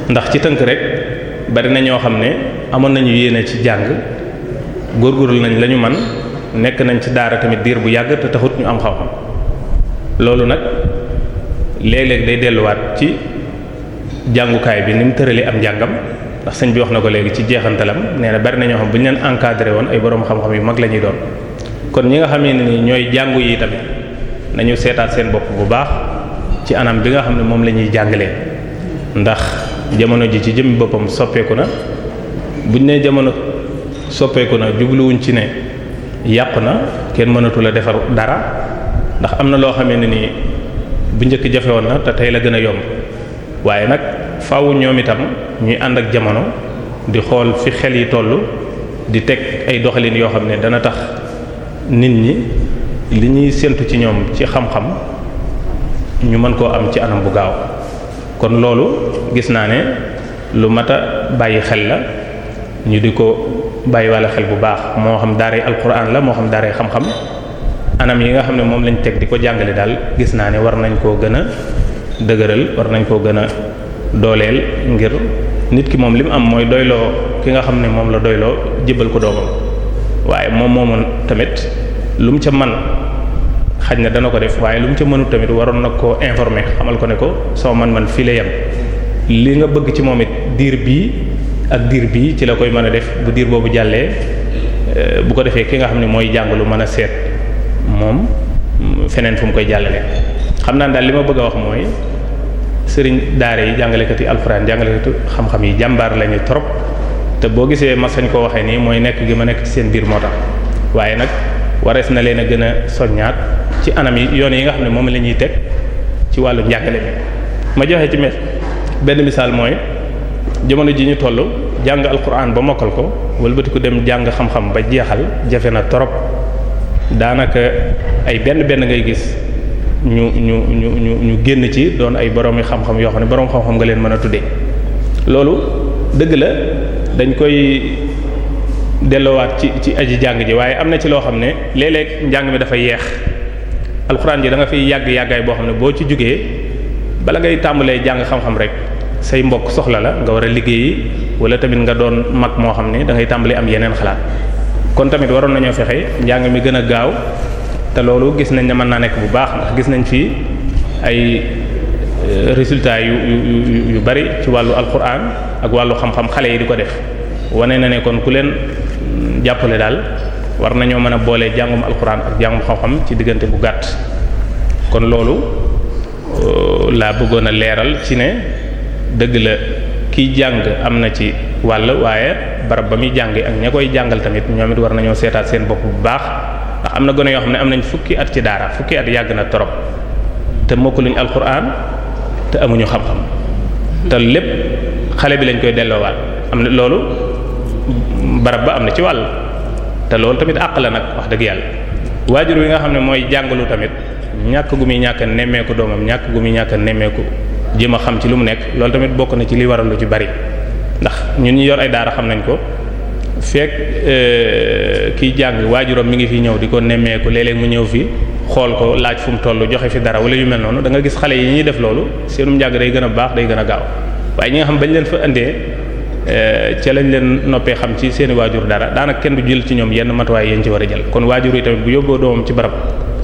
ndax ci tënk rek bari na ñoo xam ne amoon nañu yéene ci jàng góor góorgóorlu nañ lañu man nekk nañ ci daara tamit diir bu yàgg te taxut ñu am xam-xam loolu nag léeg day delluwaat ci jàngukaay bi ni mu tëralee am njàngam ndax sëñ bi wax na ko léegi ci jeexantalam nee na bari na xam bu ñu leen encadré woon ay borom xam-xam yu mag la ñuy doon kon ñi nga xamee ne ni ñooy jàngu yi tamit nañu seetaat seen bopp bu baax ci anam bi nga xam ne moom lañuy ñuy jàngalee ndax jamono ji ci jëmmi boppam soppeeku na buñ ne jamono soppeeku na jubluwuñ ci ne yàq na kenn mënatul a defar dara ndax am na loo xamee ne ni bu njëkk jafe woon na te tey la gën a yomb waaye nag faaw ñoom itam ñuy ànd ak jamono di xool fi xel yi toll di teg ay doxalin yoo xam ne dana tax nit ñi li ñuy séentu ci ñoom ci xam-xam ñu mën koo am ci anam bu gaaw kon loolu gis naa ne lu mat a bàyyi xel la ñu di ko bàyyi walla xel bu baax moo xam daaray alquran la moo xam daaray xam-xam anam yi nga xam ne moom lañ teg di ko jàngale daal gis naa ne war nañ koo gën a dëgëral war nañ koo gën a dooleel ngir nit ki moom li mu am mooy doyloo ki nga xam ne moom la doyloo jébbal ko doomam waaye moom moomu tamit lu mu ca man xaj na dana ko def waaye lu mu ca mënut tamit waroon nag koo informer xamal ko ne ko sama man-man fii la yem li nga bëgg ci moom it diir bii ak diir bii ci la koy mën a def bu diir boobu jàllee euh, bu ko defee ki nga xam ne mooy jàng lu mën a seet moom feneen fu mu koy jàllale xam naa daal li ma bëgg a wax mooy sëriñ daara yi jàngalekat yi alxuraan jàngalekat xam-xam yi jàmbaar lañu trop te boo gisee ma sañ koo waxee nii mooy nekk gi ma nekk ci seen biir moo tax waaye nag warees na leen a gën a soññaat ci anam yi yoon yi nga xam ne moom lañuy teg ci wàllu njàngale mi ma joxe ci mes benn misaal mooy jamono ji ñu toll jàng alxuraan ba mokkal ko wëlbati ko dem jàng xam-xam ba jeexal jafe na trop daanaka ay benn benn ngay gis ñu ñu ñu ñu ñu génn ci doon ay boroomi xam-xam yoo xam ne boroom xam-xam nga leen mën a tuddee loolu dëgg la dañ koy delloowaat ci ci aji jàng ji waaye am na ci loo xam ne léeg-léeg njàng mi dafa yeex alxuraan ji da nga fiy yàgg yàggaay boo xam ne boo ci jógee bala ngay tàmbalee jàng xam-xam rek say mbokk soxla la nga war a liggéeyi wala tamit nga doon mag moo xam ne da ngay tàmbalee am yeneen xalaat kon tamit waroon nañoo fexe njàng mi gën a gaaw te loolu gis nañ ne mën naa nekk bu baax ndax gis nañ fii ay euh, résultat yu yu yu bari ci wàllu alquran ak wàllu xam-xam xale yi di ko def wane na ne kon ku leen jàppale daal war nañoo mën a boole jàngum alquran ak jàngum xam-xam ci diggante bu gàtt kon loolu euh, laa bëggoon a leeral ci ne dëgg la kiy jàng am na ci wàll waaye barab ba muy jàngi ak ña koy jàngal tamit ñoom it war nañoo seetaat seen bopp bu baax am na gone yoo xam ne am nañ fukki at ci daara fukki at yàgg na trop te mokkaluñ alxuraan te amuñu xam-xam te lépp xale bi lañ koy delloowaat am na loolu barab ba am na ci wàll te loolu tamit àq la nag wax dëgg yàlla waajur wi nga xam ne mooy jàngalu tamit ñàkk gu muy ñàkk nemmeeku doomam ñàkk gu muy ñàkk nemmeeku jéem a xam ci lu mu nekk loolu tamit bokk na ci li waral lu ci bari ndax ñu ñu yor ay daara xam nañ ko fekk euh, kiy jàng waajuram mi ngi fi ñëw di ko nemmeeku léeg mu ñëw fi xool ko laaj fu mu toll joxe fi dara wala yu mel noonu da nga gis xale yi ñuy def loolu seenum njàng day gën a baax day gën a gaaw waaye ñi nga xam bañ leen fa indee euh, ca lañ leen noppee xam ci seeni waajur dara daanaka kenn du jël ci yenn matuwaay yéen ci war a jël kon waajur yi tamit bu yóbboo doomam ci barab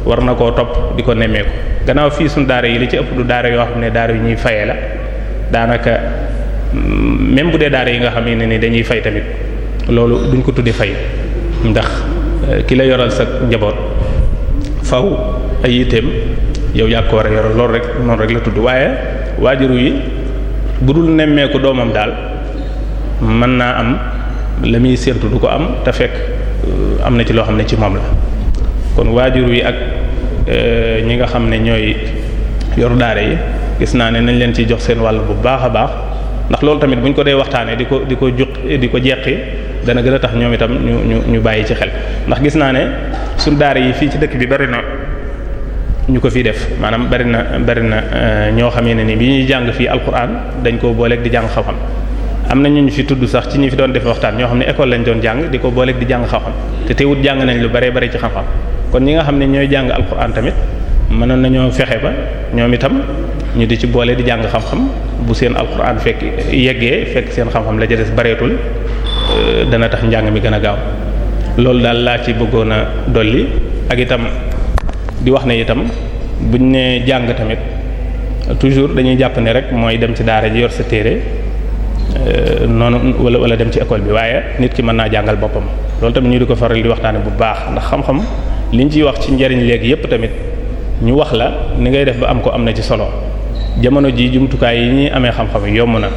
war na koo topp di ko nemmeeku gannaaw fii suñu daare yi li ci ëpp du daare yoo xam ne daara yu ñuy fayee la daanaka mm, même bu dee daara yi nga xam ne ni dañuy fay tamit loolu duñ ko tuddee fay ndax euh, ki la yoral sag njaboot faw ay yitteem yow yaa ko war a yoral loolu rek noonu rek la tudd waaye waajur yi bu dul nemmeeku doomam daal mën naa am la muy séentu du ko am te fekk euh, am na ci loo xam ne ci moom la kon waajur yi ak euh, ñi nga xam ne ñooy yor daara yi gis naa ne nañ leen ci jox seen wàll bu baax a baax ndax loolu tamit bu ñu ko dee waxtaanee di ko di ko juq di ko jeqi dana gën a tax ñoom itam ñu ñu ñu bàyyi ci xel ndax gis naa ne suñ yi fii ci dëkk bi bari na ñu ko fi def maanaam bari na bari na euh, ñoo xamee ne ni bi ñuy jàng fii alquran dañ ko booleeg di jàng xam-xam am na ñu ñu fi tudd sax ci ñu fi doon def waxtaan ñoo xam ne école lañ doon jàng di ko booleeg di jàng xam-xam te teewut jàng nañ lu baree bari ci xam-xam kon ñi nga xam ne ñooy jàng alquran tamit mënoon nañoo fexe ba ñoom itam ñu di ci boole di jàng xam-xam bu seen alxuraan fekk yeggee fekk seen xam-xam la ca des bareetul euh, dana tax njàng mi gën a gaaw loolu daal laa ci bëggoon a dolli ak itam di wax na itam buñ ne jàng tamit toujours dañuy jàpp ne rek mooy dem ci daara ji yor sa téere euh, noonu wala wala dem ci école bi waaye nit ki mën naa jàngal boppam loolu tamit ñu di ko faral di waxtaane bu baax ndax xam-xam liñ ciy wax ci njariñ léegi yépp tamit ñu wax la ni ngay def ba am ko am na ci solo jamono ji jumtukaay yi ñuy amee xam-xam yomb na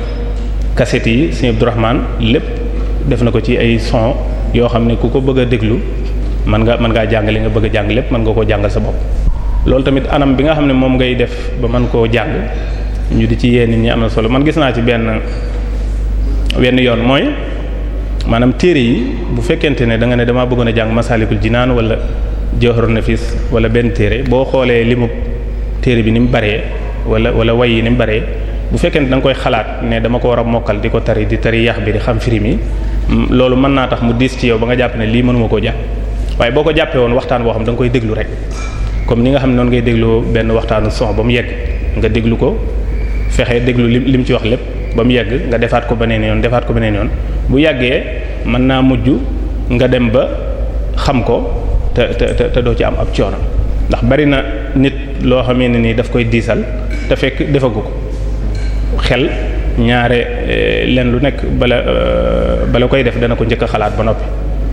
cassette yi Sëriñ Abdourahmane lépp def na ko ci ay son yoo xam ne ku ko bëgg a déglu mën nga mën ngaa jàng li nga bëgg a jàng lépp mën nga koo jàngal sa bopp loolu tamit anam bi nga xam ne moom ngay def ba man koo jàng ñu di ci yee nit ñi am na solo man gis naa ci benn wenn yoon mooy maanaam téere yi bu fekkente ne da nga ne damaa bëggoon a jàng Masaalikul Jinaan walla Jawharu Nafis wala benn téere boo xoolee li limu téere bi ni mu baree wala wala way yi ni mu baree bu fekkee ne da koy xalaat ne dama ko war a mokkal di ko tari di tari yax bi di xam firi mi mm, loolu mën naa tax mu diis ci yow ba nga jàpp ne lii mënuma koo jàpp waaye boo ko jàppee woon waxtaan boo xam da koy déglu rek comme ni nga xam ne noonu ngay déglu benn waxtaanu son ba mu yegg nga déglu ko fexe déglu li li mu ci wax lépp ba mu yegg nga defaat ko beneen yoon defaat ko beneen yoon yàggee mën naa mujj nga dem ba xam ko te te te doo ci am ab coono ndax bari na nit loo xamee ne nii daf koy diisal te fekk defagu ko xel ñaare eh, leen lu nekk bala eh, bala koy def dana ko njëkk a xalaat ba noppi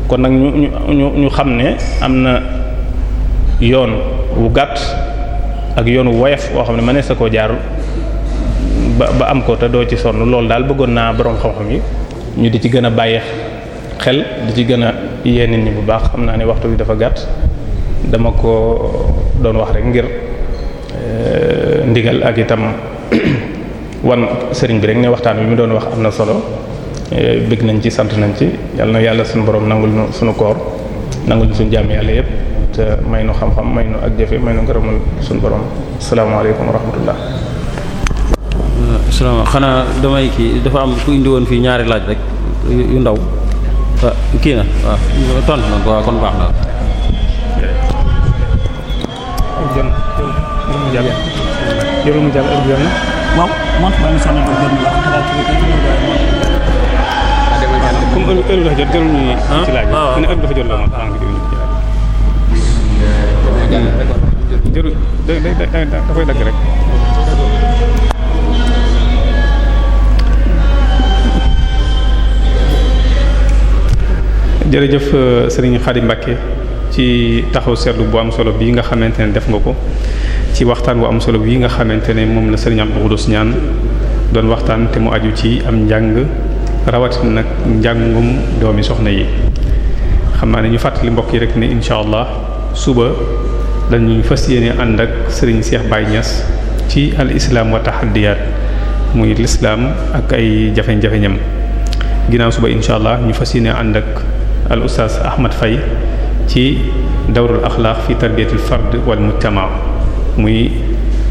kon nag ñu ñu ñu xam ne am na yoon wu gàtt ak yoon wu woyof woo xam ne mënees sa koo jaar ba am ko te doo ci sonn loolu daal bëggoon naa boroom xam-xam yi ñu di ci gën a bàyyi xel di ci gën a yee nit ñi bu baax xam naa ne waxtu bi dafa gàtt dama ko doon wax rek ngir euh, ndigal ak itam wan sëriñ bi rek ne waxtaan bi mu doon wax am na solo euh, bëgg nañ ci sant nañ ci yàlla na yàlla suñu borom nangul nu suñu koor nangu nu suñu jàmm yàlla yépp may nu xam-xam may nu ak jëfe may nu ngërëmul suñu borom asalaamaaleykum wa rahmatullah xanaa damay kii dafa am ku indi fii ñaari laaj rek yu ndaw kii na waaw tontu na waaw kon baax na waaw man maa ngi sonal jot na la comme heure heure dafa jot jarul ñu ci laaj ne heure dafa jot la moom maa ngi jëriñu ci laaj jarul da da da koy dagg rek jërëjëf euh, sëriñ Xadim Mbàkke ci taxaw seetlu bu am solo bi nga xamante ne def nga ko ci waxtaan bu am solo bii nga xamante ne moom la sëriñ Abdou Khoudoss ñaan doon waxtaan te mu aju ci am njàng rawatina nag njàngum doomi soxna yi xam naa ne ñu fàttali mbokk yi rek ne incha allah suba dañuy fas yéene ànd ak sëriñ Cheikh Baye Niass ci al islam wa taxaddiyaat muy lislaam ak ay jafe-jafe ginnaaw suba incha allah ñu fas yéene ànd ak. al ustaas Ahmad Faye ci dawrul axlaaq fi tarbiyatil fard wal mujtama muy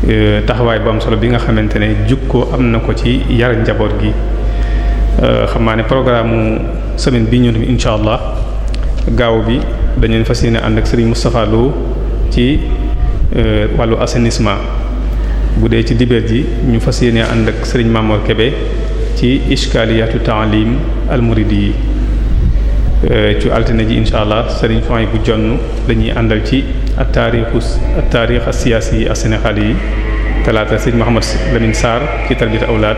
euh, taxawaay bu solo bi nga xamante ne jukko am na ko ci yar njaboot gi euh, xam naa ne programme mu semaine bi ñu bi incha allah gaaw bi dañu fas yéene ànd ak Serigne Moustapha Lo ci euh, wàllu assainissement bu dee ci dibeer yi ñu fas yéene ànd ak Serigne Mamor Kébé ci ishkaliyaatu taalim al yi Euh, ci altine ji incha allah sëriñ fay bu jonn lañuy àndal ci at-taarixu at-taarix as-siyaasi as-sénégal yi talaata sëriñ Mouhamed Lamine Sarr ci tarbiyat awlaad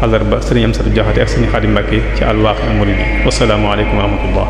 àllarba sëriñ Amsatu Jaxate ak sëriñ Xaadim Mbàkke ci al-waaqi' al-muridi wassalaamu aleykum wa rahmatullah